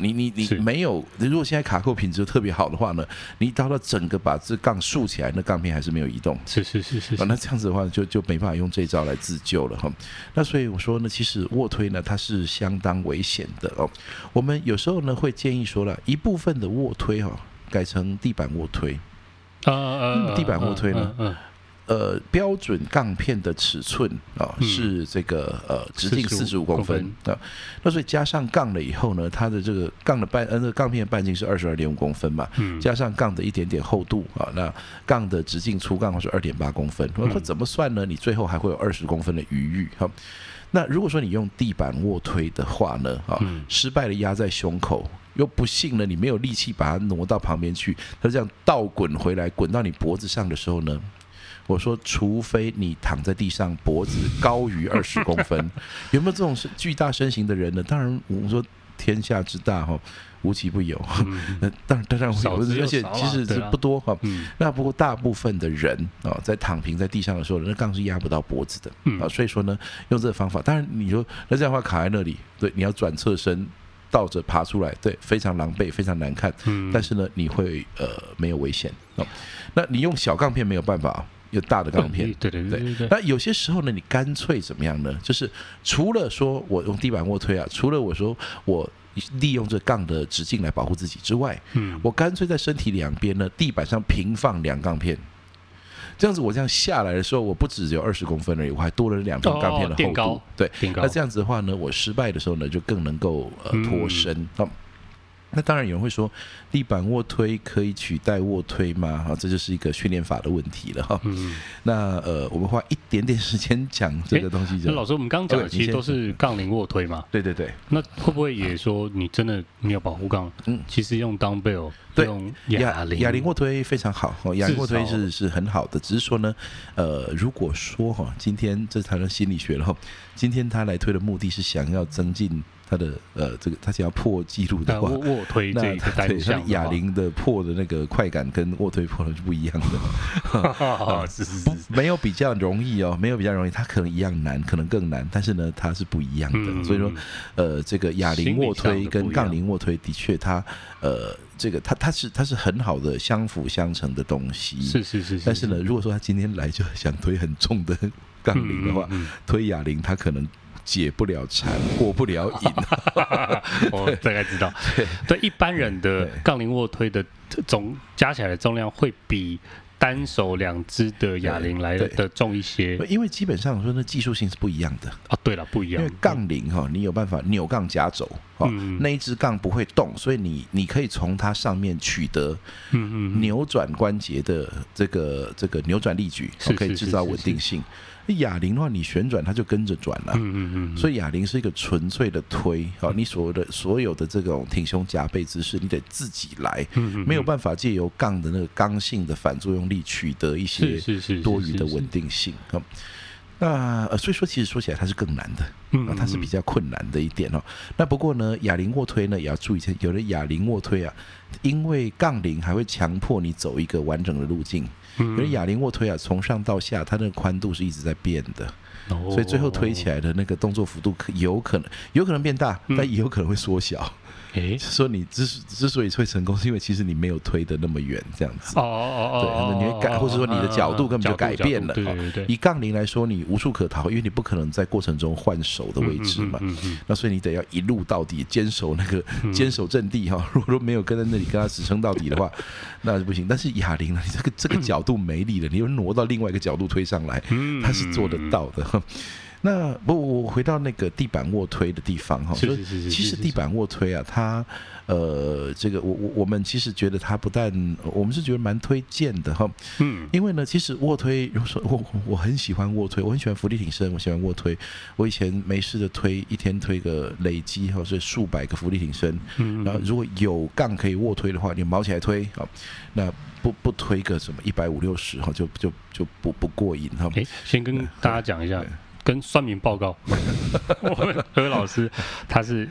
你你你沒有，你如果現在卡扣品質特別好的話呢，你到了整個把這槓豎起來，那槓片還是沒有移動。是，是是是是，那這樣子的話就就沒辦法用這招來自救了哈。那所以我說呢，其實臥推呢它是相當危險的哦。我們有時候呢會建議說了，一部分的臥推哈、喔、改成地板臥推啊，地板臥推呢。呃，標準槓片的尺寸啊、哦嗯、是這個呃直徑四十五公分啊、哦，那所以加上槓了以後呢，它的這個槓的半呃槓、這個、槓片的半徑是二十二點五公分嘛，嗯、加上槓的一點點厚度啊、哦，那槓的直徑粗槓是二點八公分，那、嗯、怎麼算呢？你最後還會有二十公分的餘裕哈、哦。那如果說你用地板臥推的話呢，啊、哦，失敗了壓在胸口，又不幸了你沒有力氣把它挪到旁邊去，它這樣倒滾回來滾到你脖子上的時候呢？我說，除非你躺在地上，脖子高於二十公分， 有沒有這種巨大身形的人呢？當然，我說天下之大，哈，無奇不有。那、嗯、當然，當然我少。而且其實是不多哈、啊。那不過大部分的人啊，在躺平在地上的時候，那槓是壓不到脖子的。嗯。啊，所以說呢，用這個方法。當然，你說那這樣的話卡在那裡，對，你要轉側身，倒着爬出來，對，非常狼狽，非常難看。嗯。但是呢，你會呃沒有危險。哦。那你用小槓片沒有辦法有大的槓片，嗯、對對對，對，對，對，對，那有些時候呢，你乾脆怎麼樣呢？就是除了說我用地板臥推啊，除了我說我利用這槓的直徑來保護自己之外，嗯、我乾脆在身體兩邊呢，地板上平放兩槓片，這樣子我這樣下來的時候，我不止只有二十公分而已，我還多了兩根槓片的厚度哦哦，墊高，對，那這樣子的話呢，我失敗的時候呢，就更能夠呃脫身。嗯 oh. 那當然有人會說，地板臥推可以取代臥推嗎？哈，這就是一個訓練法的問題了哈、嗯。那呃，我們花一點點時間講這個東西就。那老師，我們剛剛講的其實都是槓鈴臥推嘛？對對對。那會不會也說，你真的沒有保護槓？嗯，其實用 dumbbell，對，啞啞鈴臥推非常好。啞鈴臥推是是很好的，只是說呢，呃，如果說哈，今天這談到心理學，然後今天他來推的目的是想要增進。他的呃，這個他想要破紀錄的話，臥推的那它對。單項，啞鈴的破的那個快感跟臥推破的是不一樣的， 啊、 是是是不，沒有比較容易哦，沒有比較容易，它可能一樣難，可能更難，但是呢，它是不一樣的。嗯、所以說，呃，這個啞鈴臥推跟槓鈴臥推的確它，它呃，這個它它是它是很好的相輔相成的東西，是是是，是。但是呢，如果說他今天來就想推很重的槓鈴的話，嗯嗯、推啞鈴他可能。解不了饞，過不了癮、啊。 我大概知道，對，對，對，對，對一般人的槓鈴臥推的總加起來的重量會比單手兩隻的啞鈴來的重一些，因為基本上說那技術性是不一樣的。哦、啊，對了，不一樣，因為槓鈴哈，你有辦法扭槓夾肘、哦、那一只槓不會動，所以你你可以從它上面取得，嗯嗯，扭轉關節的這個這個扭轉力矩，是是是是是是可以制造穩定性。是是是是啞鈴的話，你旋轉它就跟着轉了。嗯嗯嗯。所以啞鈴是一個純粹的推，你所有的所有的這種挺胸夾背姿勢，你得自己來，沒有辦法借由槓的那個剛性的反作用力取得一些多餘的穩定性啊。那呃，所以說，其實說起來它是更難的，它是比較困難的一點哦。那不過呢，啞鈴臥推呢也要注意一下，有的啞鈴臥推啊，因為槓鈴還會強迫你走一個完整的路徑。因為啞鈴臥推啊，從上到下，它那個寬度是一直在變的，oh. 所以最後推起來的那個動作幅度可有可能有可能變大，但也有可能會縮小。誒，說你之之所以會成功，是因為其實你沒有推得那麼遠，這樣子。哦對，你改或者說你的角度根本就改變了。角度角度對對對，以槓鈴來說，你無處可逃，因為你不可能在過程中換手的位置嘛。嗯，嗯，嗯，嗯，嗯，那所以你得要一路到底，堅守那個堅守陣地哈、哦。如果說沒有跟在那裡跟他支撐到底的話、嗯，那就不行。但是啞鈴呢，你這個這個角度沒力了，你又挪到另外一個角度推上來，它是做得到的。嗯嗯嗯那不，我回到那個地板臥推的地方哈、哦，所以其實地板臥推啊，它呃，這個我我我們其實覺得它不但我們是覺得蠻推薦的哈、哦，嗯，因為呢，其實臥推，如果說我我很喜歡臥推，我很喜歡伏地挺身，我喜歡臥推，我以前沒事的推，一天推個累積或、哦、是數百個伏地挺身，嗯嗯嗯然後如果有槓可以臥推的話，就毛起來推好、哦，那不不推個什麼一百五六十哈，就就就不不過癮哈、哦。先跟大家講一下。跟算命報告，我們何老師，他是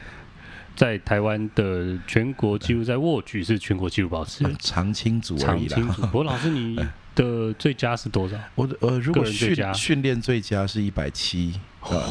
在台灣的全國紀錄，在臥舉是全國紀錄保持，長青組而已啦，長青組，何老師，你的最佳是多少？我的呃，如果訓訓練最佳是一百七，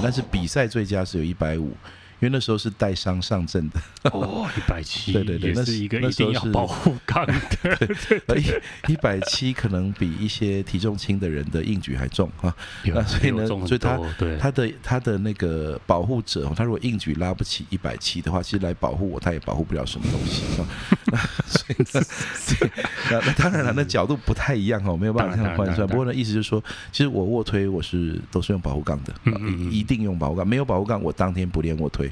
但是比賽最佳是有一百五。因為那時候是帶傷上陣的，哦，一百七，對對對，那是一個一定要保護槓的 對，而對且 一,一百七可能比一些體重輕的人的硬舉還重啊。那所以呢，對所以他對他的,對他,的他的那個保護者，他如果硬舉拉不起一百七的話，其實來保護我，他也保護不了什麼東西啊。 所以那 對那當然了，那角度不太一樣哦，沒有辦法這樣換算。不過呢，意思就是說，其實我臥推我是都是用保護槓的，一定用保護槓，沒有保護槓我當天不練臥推。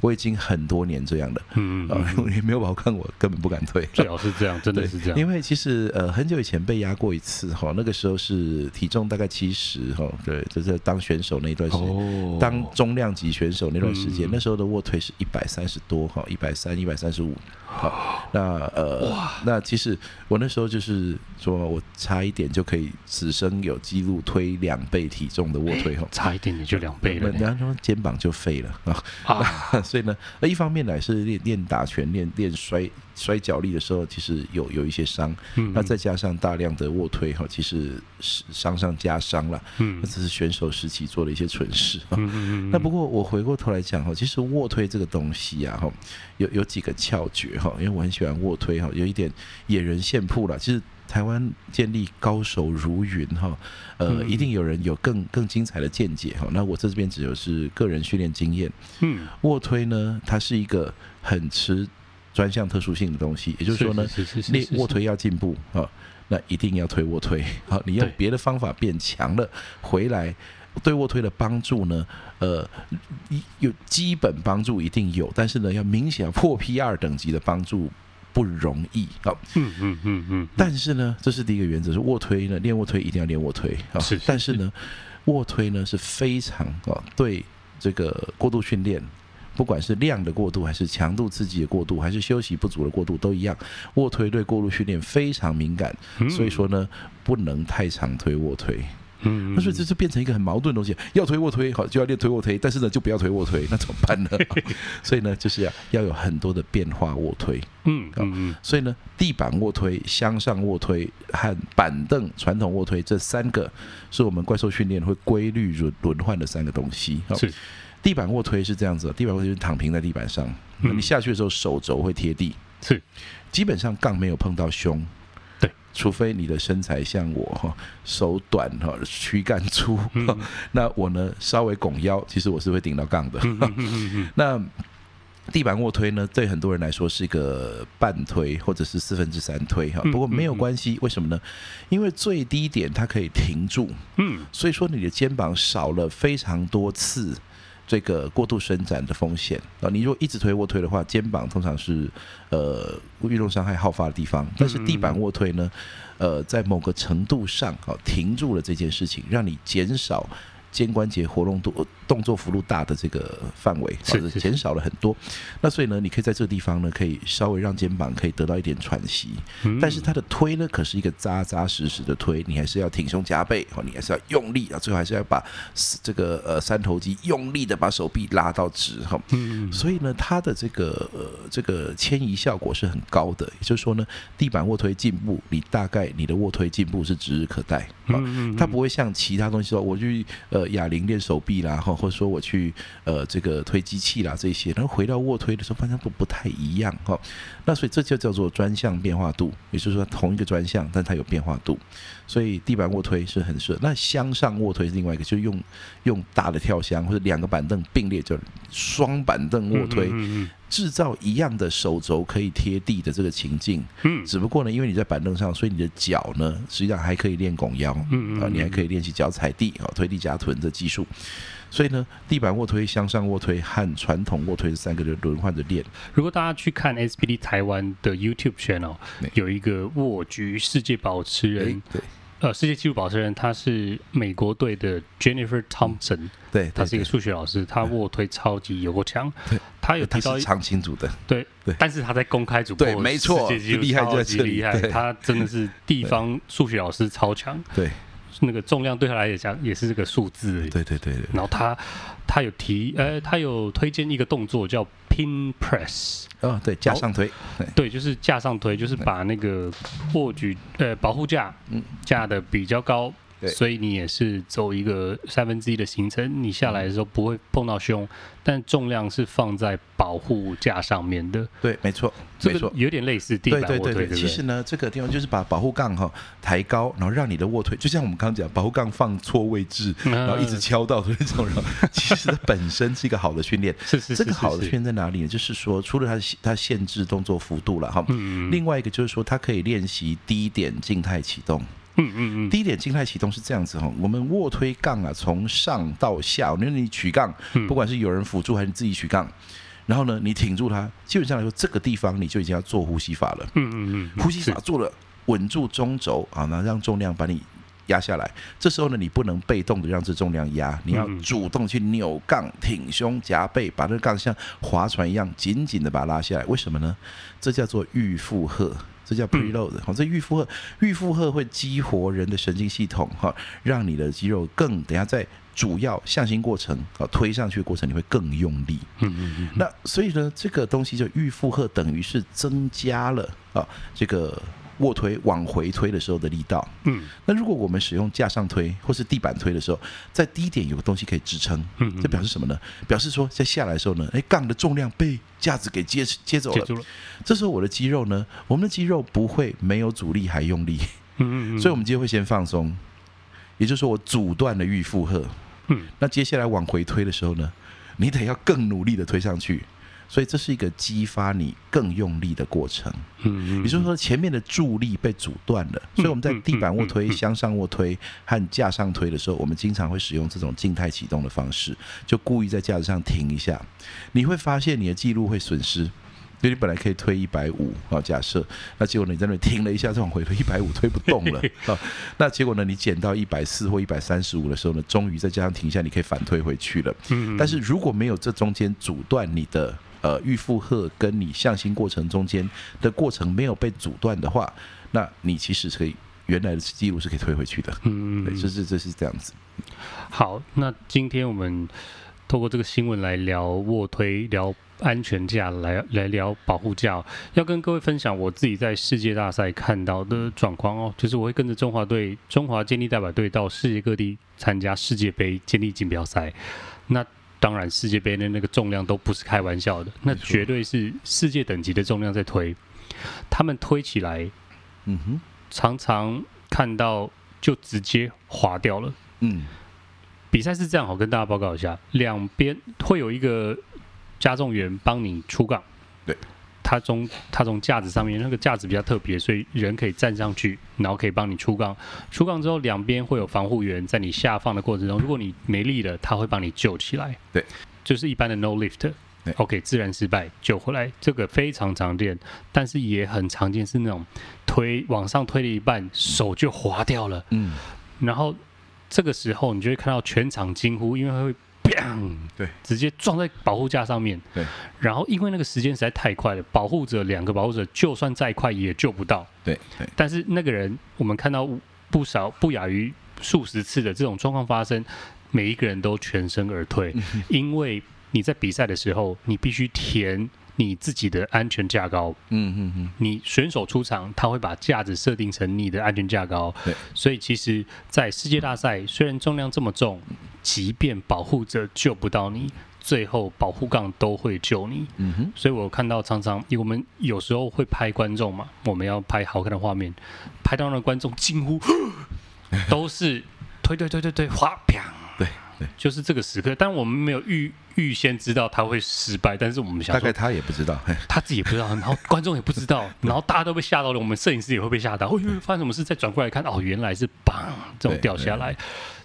我已經很多年這樣的，嗯，嗯哦、也沒有把我看，我根本不敢推，最好是這樣，真的是這樣。因為其實呃，很久以前被壓過一次哈、哦，那個時候是體重大概七十哈，對，就是當選手那段時間、哦，當中量級選手那段時間，嗯、那時候的臥推是一百三十多哈，一百三、一百三十五。好，那呃，那其實我那時候就是說，我差一點就可以，此生有記錄推兩倍體重的臥推、欸、差一點你就兩倍了那，然後肩膀就廢了啊那。所以呢，那一方面呢是練練打拳，練練摔。摔角力的時候，其實有有一些傷、嗯，那再加上大量的臥推哈，其實是傷上加傷了。嗯，這是選手時期做的一些蠢事。嗯嗯嗯。那不過我回過頭來講哈，其實臥推這個東西呀、啊、哈，有有幾個竅訣哈，因為我很喜歡臥推哈，有一點野人獻曝啦。其實台灣健力高手如雲哈，呃、嗯，一定有人有更更精彩的見解哈。那我這邊只有是個人訓練經驗。嗯，臥推呢，它是一個很吃。專項特殊性的東西，也就是說呢，練臥推要進步啊、哦，那一定要推臥推啊、哦。你用別的方法變強了，回來對臥推的幫助呢，呃，有基本幫助一定有，但是呢，要明顯破 PR 等級的幫助不容易啊、哦。嗯嗯嗯嗯。但是呢，這是第一個原則，是臥推呢，練臥推一定要練臥推啊、哦。是，是。但是呢，臥推呢是非常啊、哦，對這個過度訓練。不管是量的過度，還是強度刺激的過度，還是休息不足的過度，都一樣。臥推對過度訓練非常敏感，所以說呢，不能太常推臥推嗯。嗯，那所以這是變成一個很矛盾的東西，要推臥推好就要練推臥推，但是呢就不要推臥推，那怎麼辦呢？嘿嘿所以呢，就是要有很多的變化臥推。嗯嗯，嗯所以呢，地板臥推、向上臥推和板凳傳統臥推這三個，是我們怪獸訓練會規律輪輪換的三個東西。是。地板臥推是這樣子的，地板臥推就是躺平在地板上，嗯、你下去的時候手肘會貼地，基本上槓沒有碰到胸，對，除非你的身材像我，手短哈，軀幹粗，嗯、那我呢稍微拱腰，其實我是會頂到槓的。嗯嗯嗯嗯那地板臥推呢，對很多人來說是一個半推或者是四分之三推哈，不過沒有關係、嗯嗯嗯嗯，為什麼呢？因為最低點它可以停住，嗯，所以說你的肩膀少了非常多次。這個過度伸展的風險啊，你如果一直推臥推的話，肩膀通常是呃運動傷害好發的地方。但是地板臥推呢，呃，在某個程度上啊，呃，停住了這件事情，讓你減少。肩關節活動度、動作幅度大的這個範圍，是減少了很多。是是是那所以呢，你可以在這個地方呢，可以稍微讓肩膀可以得到一點喘息。嗯嗯但是它的推呢，可是一個扎扎實實的推，你還是要挺胸夾背，你還是要用力啊，然後最後還是要把這個呃三頭肌用力的把手臂拉到直，哈、嗯嗯。嗯、所以呢，它的這個呃這個遷移效果是很高的。也就是說呢，地板臥推進步，你大概你的臥推進步是指日可待。嗯嗯,嗯。它不會像其他東西說，我去呃。啞鈴練手臂啦，或者說我去呃這個推機器啦這些，然後回到臥推的時候，方向都不太一樣哈。那所以這就叫做專項變化度，也就是說同一個專項，但它有變化度。所以地板臥推是很適合。那向上臥推是另外一個，就用用大的跳箱或者兩個板凳並列就雙板凳臥推嗯嗯嗯，製造一樣的手肘可以貼地的這個情境。嗯。只不過呢，因為你在板凳上，所以你的腳呢，實際上還可以練拱腰。嗯嗯，嗯。然後你還可以練習腳踩地啊、哦，推地夾臀的技術。所以呢，地板臥推、向上臥推和傳統臥推這三個就輪換着練。如果大家去看 SBD 台灣的 YouTube channel，欸、有一個臥舉世界保持人。欸、對。呃，世界紀錄保持人他是美國隊的 Jennifer Thompson，對，對，對，他是一個數學老師，他臥推超級有夠強，他有提到非常清楚的對對，對，但是他在公開主播對，對，沒錯，世界紀錄超級厲害，他真的是地方數學老師超強，對。對對對那個重量對他來也講也是這個數字而已，對對對、對。然後他他有提，呃，他有推薦一個動作叫 pin press，哦，對，架上推，對，就是架上推，就是把那個握舉，呃，保護架架得比較高。對，所以你也是走一個三分之一的行程，你下來的時候不會碰到胸，但重量是放在保護架上面的。對，沒錯，沒錯，這個，有點類似地板臥推，對，對，對，對。其實呢，這個地方就是把保護槓哈抬高，然後讓你的臥推，嗯，就像我們剛剛講，保護槓放錯位置，然後一直敲到的那種。嗯、其實它本身是一個好的訓練 是是是。這個好的訓練在哪裡呢？就是說，除了它它限制動作幅度了哈，另外一個就是說，它可以練習低點靜態啟動。嗯嗯嗯，第一點靜態啟動是這樣子哈，我們臥推槓啊，從上到下，因為你取槓，不管是有人輔助還是你自己取槓，然後呢，你挺住它，基本上來說，這個地方你就已經要做呼吸法了。嗯嗯嗯，呼吸法做了，穩住中軸啊，那讓重量把你壓下來。這時候呢，你不能被動的讓這重量壓，你要主動去扭槓、挺胸、夾背，把這個槓像划船一樣緊緊的把它拉下來。為什麼呢？這叫做預負荷。這叫 preload，好，這預負荷，預負荷會激活人的神經系統，哈，讓你的肌肉更，等下在主要向心過程，好，推上去的過程你會更用力，嗯嗯嗯，那所以呢，這個東西就預負荷，等於是增加了啊，這個。臥推往回推的時候的力道，嗯，那如果我們使用架上推或是地板推的時候，在低點有個東西可以支撐，嗯，嗯，這表示什麼呢？表示說在下來的時候呢，誒，槓的重量被架子給接接走了，接住了，這時候我的肌肉呢，我們的肌肉不會沒有阻力還用力，嗯，嗯嗯，所以我們就會先放鬆，也就是說我阻斷了預負荷，嗯，那接下來往回推的時候呢，你得要更努力的推上去。所以這是一個激發你更用力的過程，嗯，也就是說前面的助力被阻斷了，所以我們在地板臥推、嗯嗯嗯嗯、向上臥推和架上推的時候，我們經常會使用這種靜態啟動的方式，就故意在架子上停一下，你會發現你的記錄會損失，因為你本來可以推一百五啊，假設，那結果呢，你在那停了一下，再往回推一百五推不動了 那結果呢，你減到一百四或一百三十五的時候呢，終於在架上停一下，你可以反推回去了，嗯，但是如果沒有這中間阻斷你的。呃，預負荷跟你向心過程中間的過程沒有被阻斷的話，那你其實可以原來的記錄是可以推回去的。嗯，就是是，是這樣子。好，那今天我們透過這個新聞來聊臥推，聊安全架，來來聊保護架。要跟各位分享我自己在世界大賽看到的狀況哦，就是我會跟着中華隊、中華健力代表隊到世界各地參加世界杯健力錦標賽。那當然，世界杯的那個重量都不是開玩笑的，那絕對是世界等級的重量在推。他們推起來，嗯哼，常常看到就直接滑掉了。嗯，比賽是這樣。好，我跟大家報告一下，兩邊會有一個加重員幫你出槓。對。它從它從架子上面，那個架子比較特別，所以人可以站上去，然後可以幫你出槓。出槓之後，兩邊會有防護員在你下放的過程中，如果你沒力了，他會幫你救起來。對，就是一般的 no lift，對、okay, 自然失敗救回來。這個非常常見，但是也很常見是那種推往上推了一半，手就滑掉了。嗯，然後這個時候你就會看到全場驚呼，因為會。對，直接撞在保護架上面。對，然後因為那個時間實在太快了，保護者兩個保護者就算再快也救不到。對，但是那個人我們看到不少不亞於數十次的這種狀況發生，每一個人都全身而退，因為你在比賽的時候你必須填你自己的安全架高，嗯嗯嗯，你選手出場，他會把架子設定成你的安全架高，對，所以其實，在世界大賽雖然重量這麼重，即便保護者救不到你，最後保護槓都會救你，嗯哼，所以我看到常常，因為我們有時候會拍觀眾嘛，我們要拍好看的畫面，拍到那觀眾驚呼， 都是 推推推推推，滑對就是這個時刻，但我們沒有預預先知道他會失敗，但是我們想說大概他也不知道，他自己也不知道，然後觀眾也不知道， 然後大家都被嚇到了。我們攝影師也會被嚇到，會不會發生什麼事？再轉過來看，哦，原來是嘣這種掉下來，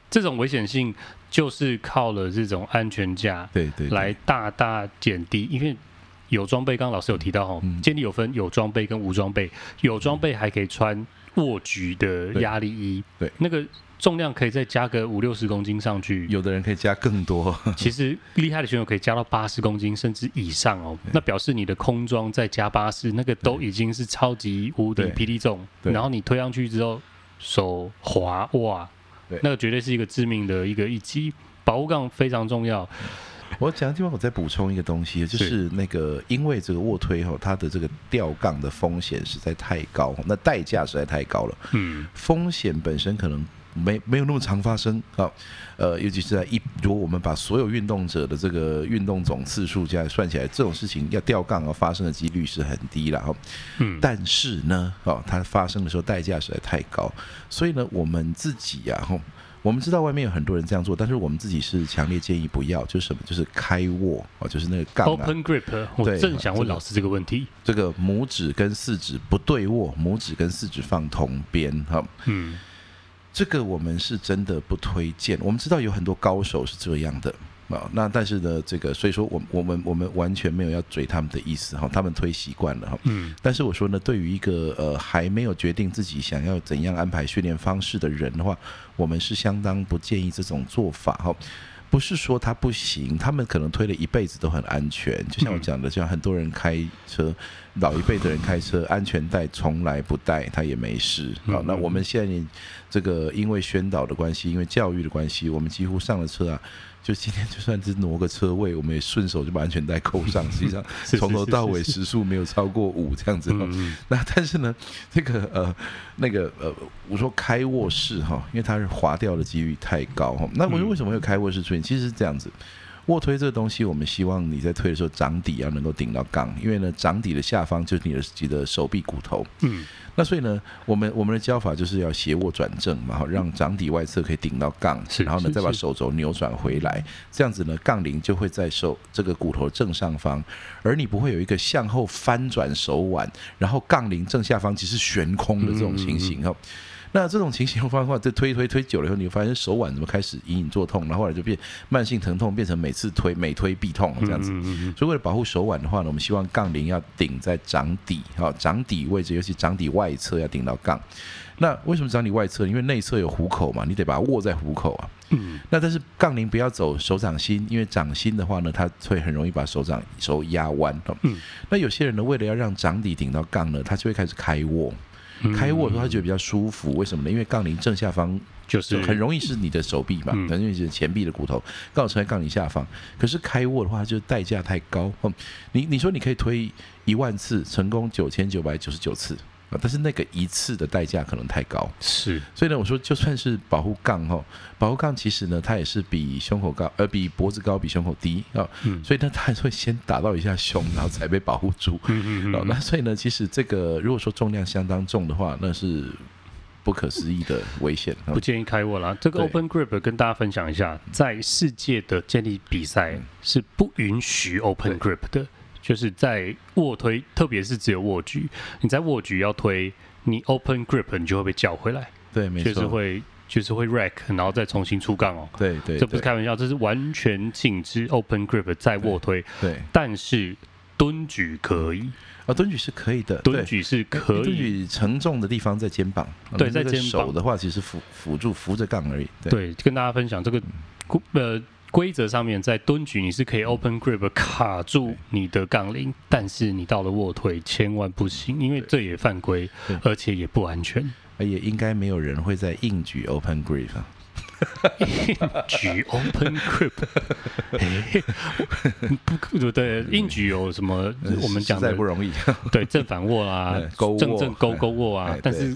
這種危險性就是靠了這種安全架來大大減低。因為有裝備，剛剛老師有提到哦，健力有分有裝備跟無裝備，有裝備還可以穿臥舉的壓力衣，對,對那個。重量可以再加個五六十公斤上去，有的人可以加更多。 其實厲害的選手可以加到八十公斤甚至以上哦。那表示你的空裝再加八十，那個都已經是超級無敵霹靂重。然後你推上去之後手滑哇，對，那個絕對是一個致命的一個一擊。以及保護槓非常重要。我講的地方我再補充一個東西，就是那個因為這個臥推後，它的這個吊槓的風險實在太高，那代價實在太高了。嗯。風險本身可能。沒沒有那麼常發生啊，呃，尤其是在一，如果我們把所有運動者的這個運動總次數加算起來，這種事情要掉槓而發生的幾率是很低了哈。嗯，但是呢，哦，它發生的時候代價實在太高，所以呢，我們自己呀，哈，我們知道外面有很多人這樣做，但是我們自己是強烈建議不要，就是什麼，就是開握啊，就是那個槓，啊。Open grip，對，我正想問老師這個問題，這個，這個拇指跟四指不對握，拇指跟四指放同邊哈，哦。嗯。這個我們是真的不推薦。我們知道有很多高手是這樣的啊，那但是呢，這個所以說我們，我我們我們完全沒有要追他們的意思哈。他們推習慣了哈，嗯。但是我說呢，對於一個呃還沒有決定自己想要怎樣安排訓練方式的人的話，我們是相當不建議這種做法哈。不是說他不行，他們可能推了一輩子都很安全，就像我講的這樣，像很多人開車。老一輩的人開車，安全帶從來不帶，他也沒事。好，那我們現在這個因為宣導的關係，因為教育的關係，我們幾乎上了車啊，就今天就算是挪個車位，我們也順手就把安全帶扣上。實際上從頭到尾時速沒有超過五這樣子。是是是是是，那但是呢，這個呃那個呃，我說開臥室哈，因為它是滑掉的幾率太高哈。那我說為什麼會開臥室出現？其實是這樣子。臥推這個東西，我們希望你在推的時候，掌底要能夠頂到槓，因為呢，掌底的下方就是你的自己的手臂骨頭。嗯，那所以呢，我們我們的教法就是要斜握轉正嘛，然後讓掌底外側可以頂到槓、嗯，然後呢，再把手肘扭轉回來是是是，這樣子呢，槓鈴就會在手這個骨頭正上方，而你不會有一個向後翻轉手腕，然後槓鈴正下方其實是懸空的這種情形哦。嗯嗯嗯那這種情形的話，在推推推久了以後，你會發現手腕怎麼開始隱隱作痛，然後後來就變慢性疼痛，變成每次推每推必痛這樣子。所以為了保護手腕的話呢，我們希望槓鈴要頂在掌底，好，掌底位置，尤其掌底外側要頂到槓。那為什麼掌底外側？因為內側有虎口嘛，你得把它握在虎口啊。嗯。那但是槓鈴不要走手掌心，因為掌心的話呢，它會很容易把手掌手壓彎。嗯。那有些人呢，為了要讓掌底頂到槓呢，他就會開始開握。開握的時候，他覺得比較舒服，為什麼呢？因為槓鈴正下方就是很容易是你的手臂嘛，很容易是前臂的骨頭，剛好撐在槓鈴下方。可是開握的話，就代價太高。你你說你可以推一萬次，成功九千九百九十九次。啊，但是那個一次的代價可能太高，是，所以呢，我說就算是保護槓齁，保護槓其實呢，它也是比胸口高，呃，比脖子高，比胸口低啊、哦嗯，所以呢，它還是會先打到一下胸，然後才被保護住，啊嗯嗯嗯、哦，那所以呢，其實這個如果說重量相當重的話，那是不可思議的危險、哦。不建議開握啦，這個 open grip 跟大家分享一下，在世界的健力比賽、嗯、是不允許 open grip 的。就是在臥推，特別是只有臥舉，你在臥舉要推，你 open grip 你就會被叫回來，對，沒錯，就是會就是會 rack，然後再重新出槓哦。對對，這不是開玩笑，這是完全禁止 open grip 再臥推對。對，但是蹲舉可以啊，哦，蹲舉是可以的，蹲舉是可以，承重的地方在肩膀，對，在肩膀，手的話其實扶輔助扶着槓而已對。對，跟大家分享這個，呃。規則上面，在蹲舉你是可以 open grip 卡住你的槓鈴，但是你到了臥推千萬不行，因為這也犯規，而且也不安全。而且應該沒有人會在硬舉 open grip、啊。硬 舉 open grip， 不對，硬舉有什麼？我們講的不容易，對正反握啊，正正勾勾握啊，但是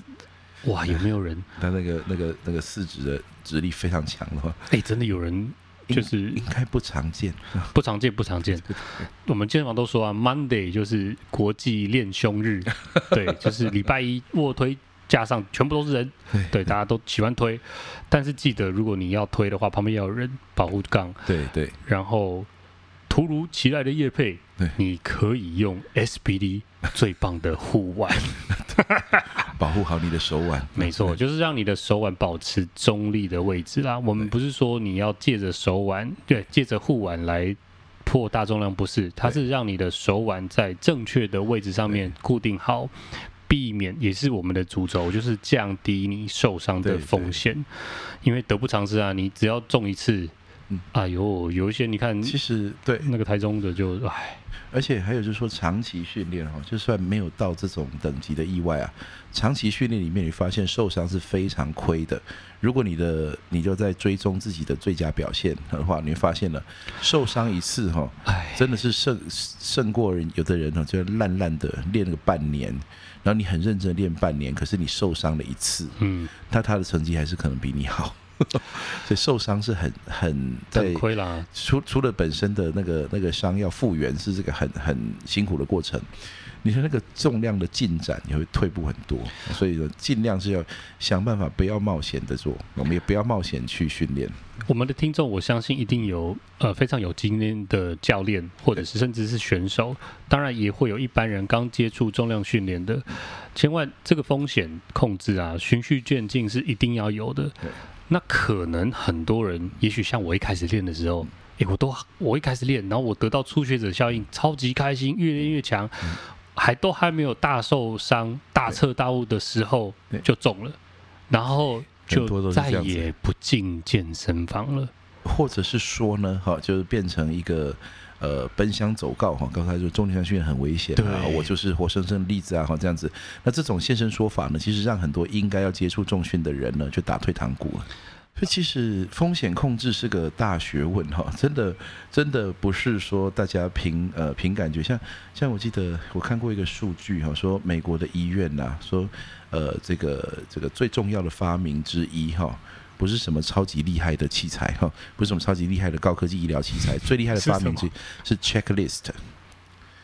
哇，有沒有人？他那個那個那個四指的指力非常強的話，哎、欸，真的有人。就是應該不常見，不， 不常見不常見。 我們健身房都說啊，Monday 就是國際練胸日， 對，就是禮拜一臥推架上全部都是人， 對，大家都喜歡推。但是記得，如果你要推的話，旁邊要有人保護槓，對對、對，然後。突如其來的業配，你可以用 SBD 最棒的護腕， 保護好你的手腕。沒錯，就是讓你的手腕保持中立的位置啦。我們不是說你要借着手腕，對，借着護腕來破大重量，不是，它是讓你的手腕在正確的位置上面固定好，避免，也是我們的主軸，就是降低你受傷的風險，對對，因為得不償失啊。你只要中一次。嗯、哎呦，有一些你看，其實對那個台中的就哎，而且還有就是說長期訓練哈、哦，就算沒有到這種等級的意外啊，長期訓練裡面你發現受傷是非常虧的。如果你的你就在追蹤自己的最佳表現的話，你會發現了受傷一次哈、哦，哎，真的是勝勝過有的人就就爛爛的練了個半年，然後你很認真練半年，可是你受傷了一次，嗯，那他的成績還是可能比你好。 所以受傷是很很吃虧啦。除除了本身的那個那個傷要復原，是這個很很辛苦的過程。你說那個重量的進展，也會退步很多。所以說，盡量是要想辦法不要冒險的做，我們也不要冒險去訓練。我們的聽眾，我相信一定有呃非常有經驗的教練，或者是甚至是選手，當然也會有一般人剛接觸重量訓練的。千萬這個風險控制啊，循序漸進是一定要有的。那可能很多人，也許像我一開始練的時候，哎、欸，我都我一開始練，然後我得到初學者效應，超級開心，越練越強，還都還沒有大受傷、大徹大悟的時候就中了，然後就再也不進健身房了，或者是說呢，哈，就是變成一個。呃，奔相走告哈，剛才就說重量訓練很危險，啊，我就是活生生的例子啊，哈，這樣子。那這種現身說法呢，其實讓很多應該要接觸重訓的人呢，就打退堂鼓了。所以其實風險控制是個大學問哈，真的真的不是說大家憑呃憑感覺。像像我記得我看過一個數據哈，說美國的醫院吶，啊，說呃這個這個最重要的發明之一哈。不是什麼超級厲害的器材哈，不是什麼超級厲害的高科技醫療器材。最厲害的發明是是 checklist，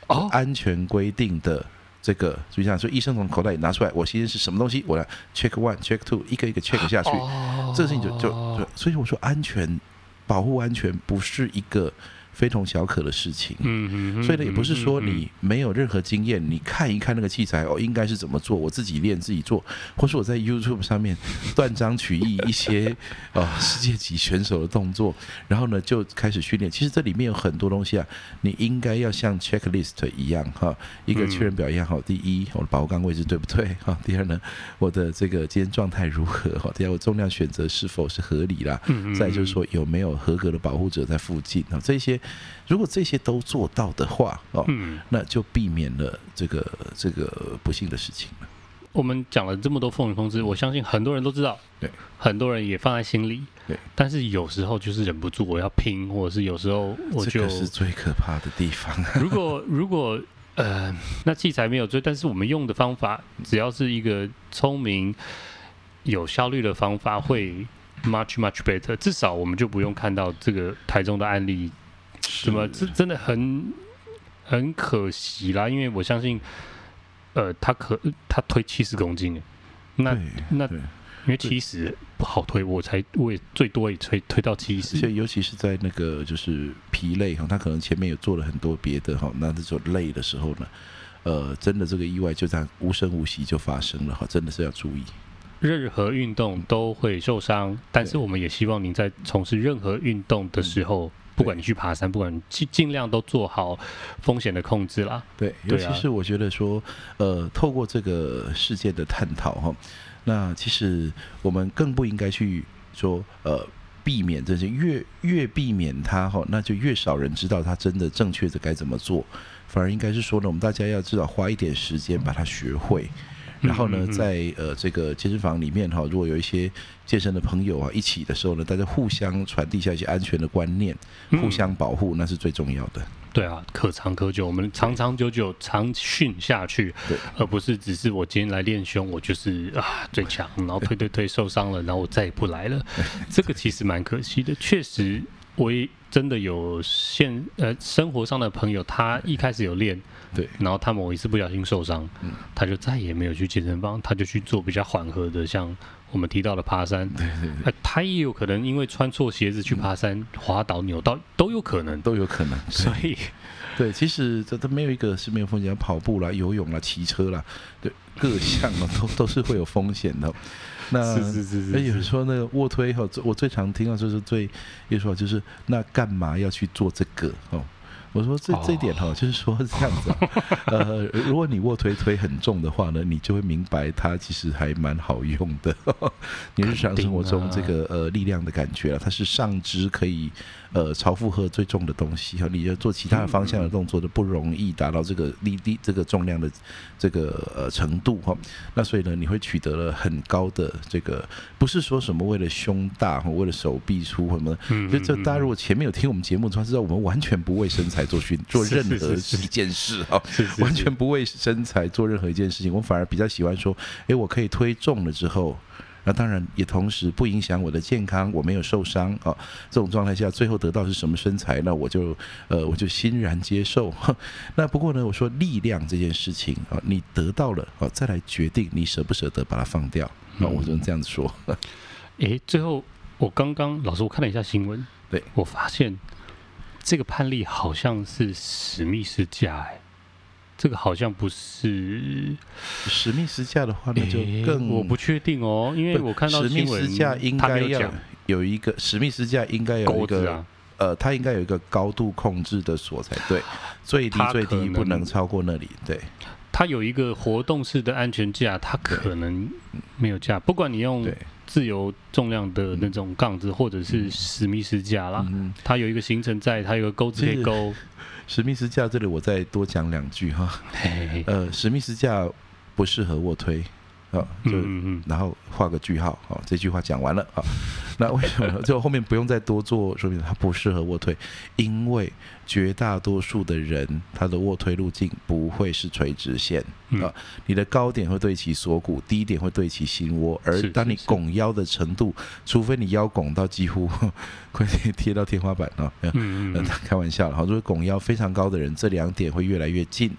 哦，安全規定的這個，就像說醫生從口袋裡拿出來，我今天是什麼東西，我來 check one，check two，一個一個 check 下去，oh，這個事情就就就，所以我說安全保護安全不是一個。非同小可的事情，所以呢，也不是說你沒有任何經驗，你看一看那個器材哦，應該是怎麼做？我自己練自己做，或是我在 YouTube 上面斷章取義一些 哦世界級選手的動作，然後呢就開始訓練。其實這裡面有很多東西啊，你應該要像 checklist 一樣哈，一個確認表一樣好。第一，我的保護槓位置對不對哈？第二呢，我的這個今天狀態如何？哈，第二我重量選擇是否是合理啦？再就是說有沒有合格的保護者在附近啊？這些。如果這些都做到的話，哦，嗯，那就避免了這個這個不幸的事情了。我們講了這麼多風雨通知，我相信很多人都知道，對，很多人也放在心裡，對。但是有時候就是忍不住，我要拼，或者是有時候我就、這個、是最可怕的地方如。如果如果呃，那器材沒有罪，但是我們用的方法，只要是一個聰明、有效率的方法，會 much much better。至少我們就不用看到這個台中的案例。怎麼？這真的很很可惜啦，因為我相信，呃，他可他推七十公斤，那對對，那因為其實不好推，我才我也最多也推推到七十。所以尤其是在那個就是疲累哈，他可能前面有做了很多別的哈，那這種累的時候呢，呃，真的這個意外就這樣無聲無息就發生了哈，真的是要注意。任何運動都會受傷，但是我們也希望您在從事任何運動的時候。不管你去爬山，不管尽儘量都做好風險的控制啦。對，尤其是我覺得說，呃，透過這個事件的探討哈、哦，那其實我們更不應該去說呃避免這些，越越避免它哈、哦，那就越少人知道它真的正確的該怎麼做，反而應該是說呢，我們大家要至少花一點時間把它學會。然後呢，在呃這個健身房裡面哈，如果有一些健身的朋友啊一起的時候呢，大家互相傳遞一下一些安全的觀念，嗯，互相保護，那是最重要的。對啊，可長可久，我們長長久久長訓下去，而不是只是我今天來練胸，我就是啊最強，然後推推推受傷了， 然後我再也不來了，這個其實蠻可惜的，確實。我真的有現呃生活上的朋友，他一開始有練，對，然後他某一次不小心受傷，他就再也沒有去健身房，他就去做比較緩和的，像我們提到的爬山，對，他也有可能因為穿錯鞋子去爬山、嗯、滑倒扭到，都有可能，都有可能。所以，對，其實這都沒有一個是沒有風險，跑步啦、游泳啦、騎車啦，對，各項啊、哦、都都是會有風險的。那，是是是是是有人說那個臥推哈，我最常聽到就是最，也說就是那幹嘛要去做這個哦？我說這、哦、這一點哈，就是說這樣子， 呃，如果你臥推推很重的話呢，你就會明白它其實還蠻好用的，哦、你日常生活中這個、啊、呃力量的感覺啊，它是上肢可以。呃，超負荷最重的東西，哈，你要做其他的方向的動作都不容易達到這個力,力這個重量的這個呃程度，哈。那所以呢，你會取得了很高的這個，不是說什麼為了胸大或為了手臂粗什麼。嗯,嗯。嗯、就這大家如果前面有聽我們節目的，他知道我們完全不為身材做訓，做任何一件事，哈，完全不為身材做任何一件事情，是是是是我們反而比較喜歡說，誒、欸，我可以推重了之後。那當然，也同時不影響我的健康，我沒有受傷啊、哦。這種狀態下，最後得到是什麼身材呢？那我就呃，我就欣然接受。那不過呢，我說力量這件事情啊、哦，你得到了啊、哦，再來決定你捨不捨得把它放掉。那、嗯、我只能這樣子說。誒，最後我剛剛老師我看了一下新聞，對我發現這個判例好像是史密斯架哎。這個好像不是史密斯架的話呢，那就更我不確定哦，因為我看到史密斯架應該要有一個,有有一個史密斯架應該有一個、啊、呃，它應該有一個高度控制的鎖才對，最低最低不能超過那裡。對，它有一個活動式的安全架，它可能沒有架。不管你用自由重量的那種槓子，嗯、或者是史密斯架啦、嗯，它有一個行程在，它有個鈎子可以鈎。史密斯架，這裡我再多講兩句哈，hey. 呃，史密斯架不適合臥推，啊、哦，就、mm-hmm. 然後畫個句號，好、哦，這句話講完了啊、哦，那為什麼就後面不用再多做說明它不適合臥推，因為。絕大多數的人，他的臥推路徑不會是垂直線、嗯、啊。你的高點會對齊鎖骨，低點會對齊心窩。而當你拱腰的程度，除非你腰拱到幾乎快貼到天花板了、啊嗯嗯嗯，開玩笑哈。如果拱腰非常高的人，這兩點會越來越近。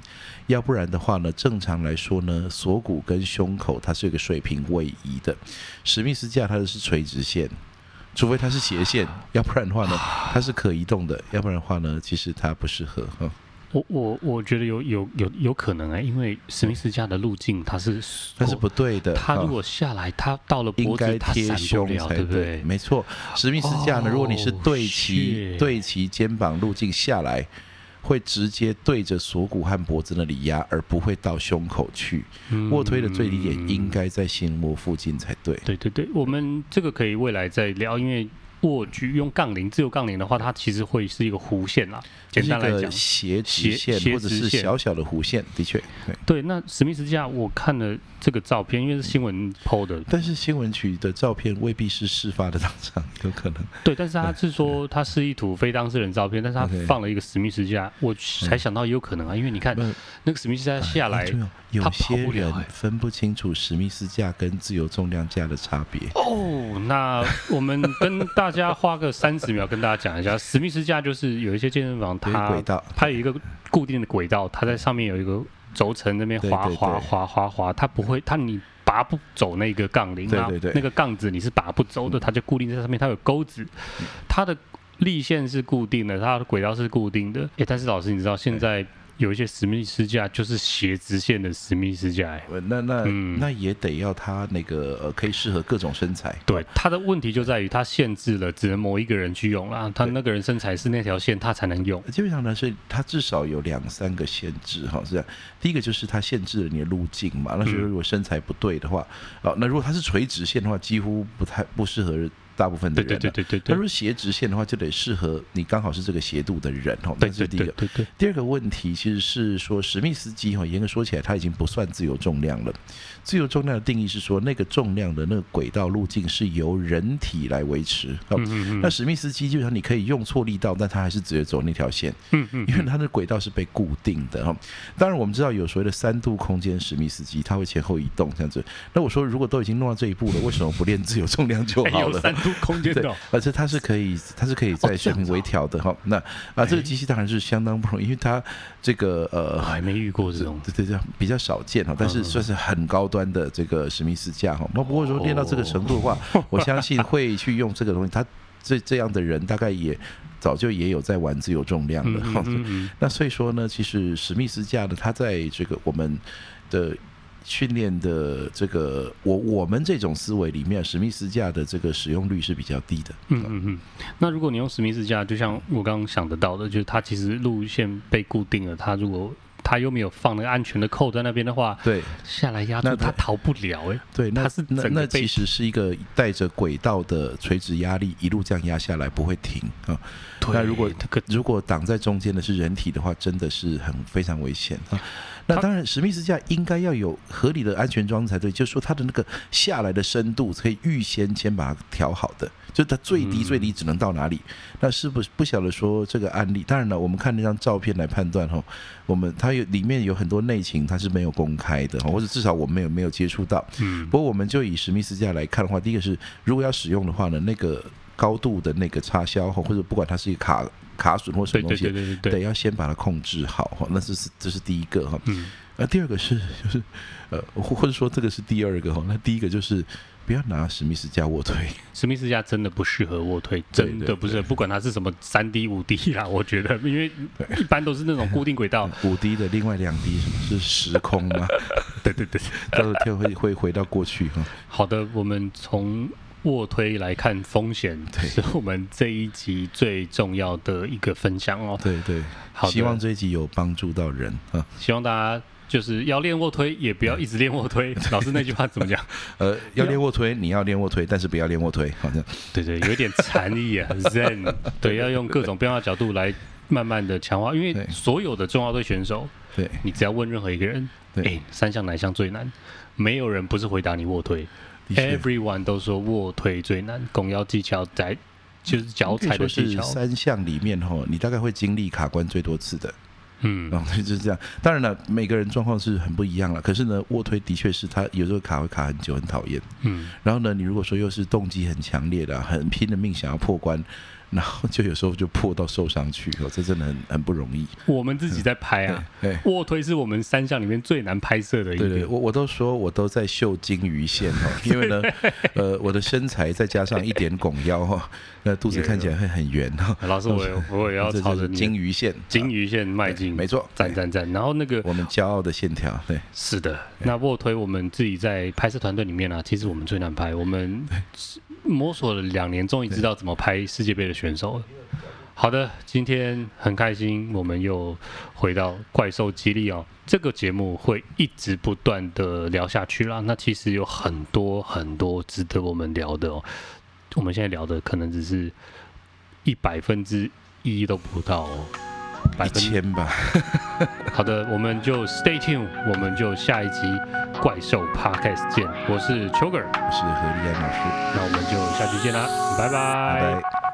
要不然的話呢，正常來說呢，鎖骨跟胸口它是有個水平位移的。史密斯架它就是垂直線。除非它是斜線、啊，要不然的話呢，它是可移動的、啊；要不然的話呢，其實它不適合哈。我我我覺得有有有有可能哎、欸，因為史密斯架的路徑它是它是不對的。它如果下來，它、啊、到了脖子，應該貼胸他了才對，對不對？沒錯，史密斯架呢，如果你是對齊對齊肩，肩膀路徑下來。會直接對着鎖骨和脖子那裡壓，而不會到胸口去。臥推的最低點應該在心窩附近才對、嗯。對對對，我們這個可以未來再聊，因為臥舉用槓鈴，自由槓鈴的話，它其實會是一個弧線啦、啊。一個斜斜線或者是小小的弧線，的確，對。那史密斯架，我看了這個照片，因為是新聞拍的，但是新聞取的照片未必是事發的當場，有可能。對，但是他是說他是一組非當事人照片，okay. 但是他放了一個史密斯架，我才想到也有可能啊，因為你看那個史密斯架下來、欸，有些人分不清楚史密斯架跟自由重量架的差別。哦、oh,，那我們跟大家花個三十秒，跟大家講一下， 史密斯架就是有一些健身房。它，它有一個固定的軌道，它在上面有一個軸承，那邊滑滑滑滑滑，它不會，它，你拔不走那個槓鈴，啊，那個槓子你是拔不走的，它就固定在上面，它有鈎子，它的力線是固定的，它的軌道是固定的，誒，但是老師，你知道現在？有一些史密斯架就是斜直線的史密斯架，欸那，那那、嗯、那也得要它那個、呃、可以適合各種身材。對，它的問題就在於它限制了，只能某一個人去用了、啊，他那個人身材是那條線，他才能用。基本上呢，是，它至少有兩三個限制哈，是這樣。第一個就是它限制了你的路徑嘛，那如果身材不對的話，嗯、哦，那如果它是垂直線的話，幾乎不太不適合。大部分的人了。對對對對，他說斜直線的話，就得適合你剛好是這個斜度的人吼，這是第一個。對對對對對對。第二個問題其實是說史密斯機。哈嚴格說起來他已經不算自由重量了。自由重量的定義是說，那個重量的那個軌道路徑是由人體來維持。嗯，嗯嗯。那史密斯機基本上你可以用錯力道，但它還是直接走那條線。嗯嗯。因為它的軌道是被固定的哈。當然我們知道有所謂的三度空間史密斯機，它會前後移動這樣子。那我說如果都已經弄到這一步了，為什麼不練自由重量就好了？ 欸、有三度空間的、哦對，而且它是可以，它是可以在水平微調的哈、哦哦。那啊，這個機器當然是相當不容易，因為它這個呃，還沒遇過這種、嗯，對對對，比較少見哈。但是算是很高。端的這個史密斯架哈，那不過說練到這個程度的話，Oh. 我相信會去用這個東西。他這這樣的人大概也早就也有在玩自由重量了、 嗯嗯、那所以說呢，其實史密斯架呢，他在這個我們的訓練的這個我我們這種思維裡面，史密斯架的這個使用率是比較低的。嗯嗯嗯。那如果你用史密斯架，就像我剛剛想得到的，就是他其實路線被固定了，他如果。他又沒有放那個安全的扣在那邊的話，對，下來壓住那他，他逃不了哎、欸，對，那他是整個被那，那其實是一個帶着軌道的垂直壓力一路這樣壓下來不會停啊。那如果、這個、如果擋在中間的是人體的話，真的是很非常危險啊。那當然，史密斯架應該要有合理的安全裝置才對，就是說它的那個下來的深度可以預先先把它調好的，就它最低最低只能到哪裡？那是不是不曉得說這個案例？當然了，我們看那張照片來判斷吼，我們它有裡面有很多內情，它是沒有公開的吼，或者至少我們有沒有接觸到。嗯。不過我們就以史密斯架來看的話，第一個是如果要使用的話呢，那個高度的那個插銷吼，或者不管它是一個卡卡榫或什麼東西，得要先把它控制好哈。那是這是第一個哈。嗯，那第二個是就是呃，或者說這個是第二個哈。那第一個就是不要拿史密斯架臥推，史密斯架真的不適合臥推，真的不是，對對對對，不管它是什麼三 D 五 D 啦，我覺得，因為一般都是那種固定軌道五 D 的，另外兩 D 是時空嘛 對對對，到時候會會會回到過去哈。好的，我們從。臥推來看風險，是我們這一集最重要的一個分享哦。對對,對好，希望這一集有幫助到人啊！希望大家就是要練臥推，也不要一直練臥推、嗯。老師那句話怎麼講？ 呃，要練臥推，你要練臥推，但是不要練臥推。好像對,對對，有一點禪意啊，很深。對，要用各種變化角度來慢慢的強化，因為所有的中華隊選手，對，你只要問任何一個人，哎、欸，三項哪項最難？沒有人不是回答你臥推。Everyone 都說臥推最難，拱腰技巧在就是腳踩的是三項裡面吼，你大概會經歷卡關最多次的，嗯，然後就是這樣。當然了，每個人狀況是很不一樣了。可是呢，臥推的確是他有時候卡會卡很久，很討厭。嗯，然後呢，你如果說又是動機很強烈的，很拼了命想要破關。然後就有時候就破到受傷去哦，這真的很很不容易。我們自己在拍啊，嗯、對，臥推是我們三項裡面最難拍攝的一個。對對，我我都說我都在秀金魚線，因為呢， 呃，我的身材再加上一點拱腰哈，那肚子看起來會很圓哈。老師，我我也要朝着金魚線、金魚線邁進。沒錯，讚讚讚。然後那個我們驕傲的線條，對，是的。那臥推我們自己在拍攝團隊裡面啊，其實我們最難拍，我們。摸索了兩年，終於知道怎麼拍世界杯的選手了。好的，今天很開心，我們又回到怪獸激勵哦。這個節目會一直不斷的聊下去啦。那其實有很多很多值得我們聊的哦。我們現在聊的可能只是一百分之一都不到哦。一千吧。 好的，我們就 Stay tuned，我們就下一集怪獸 Podcast 見。我是邱個，我是何立安老師，那我們就下期見啦，拜拜。拜拜。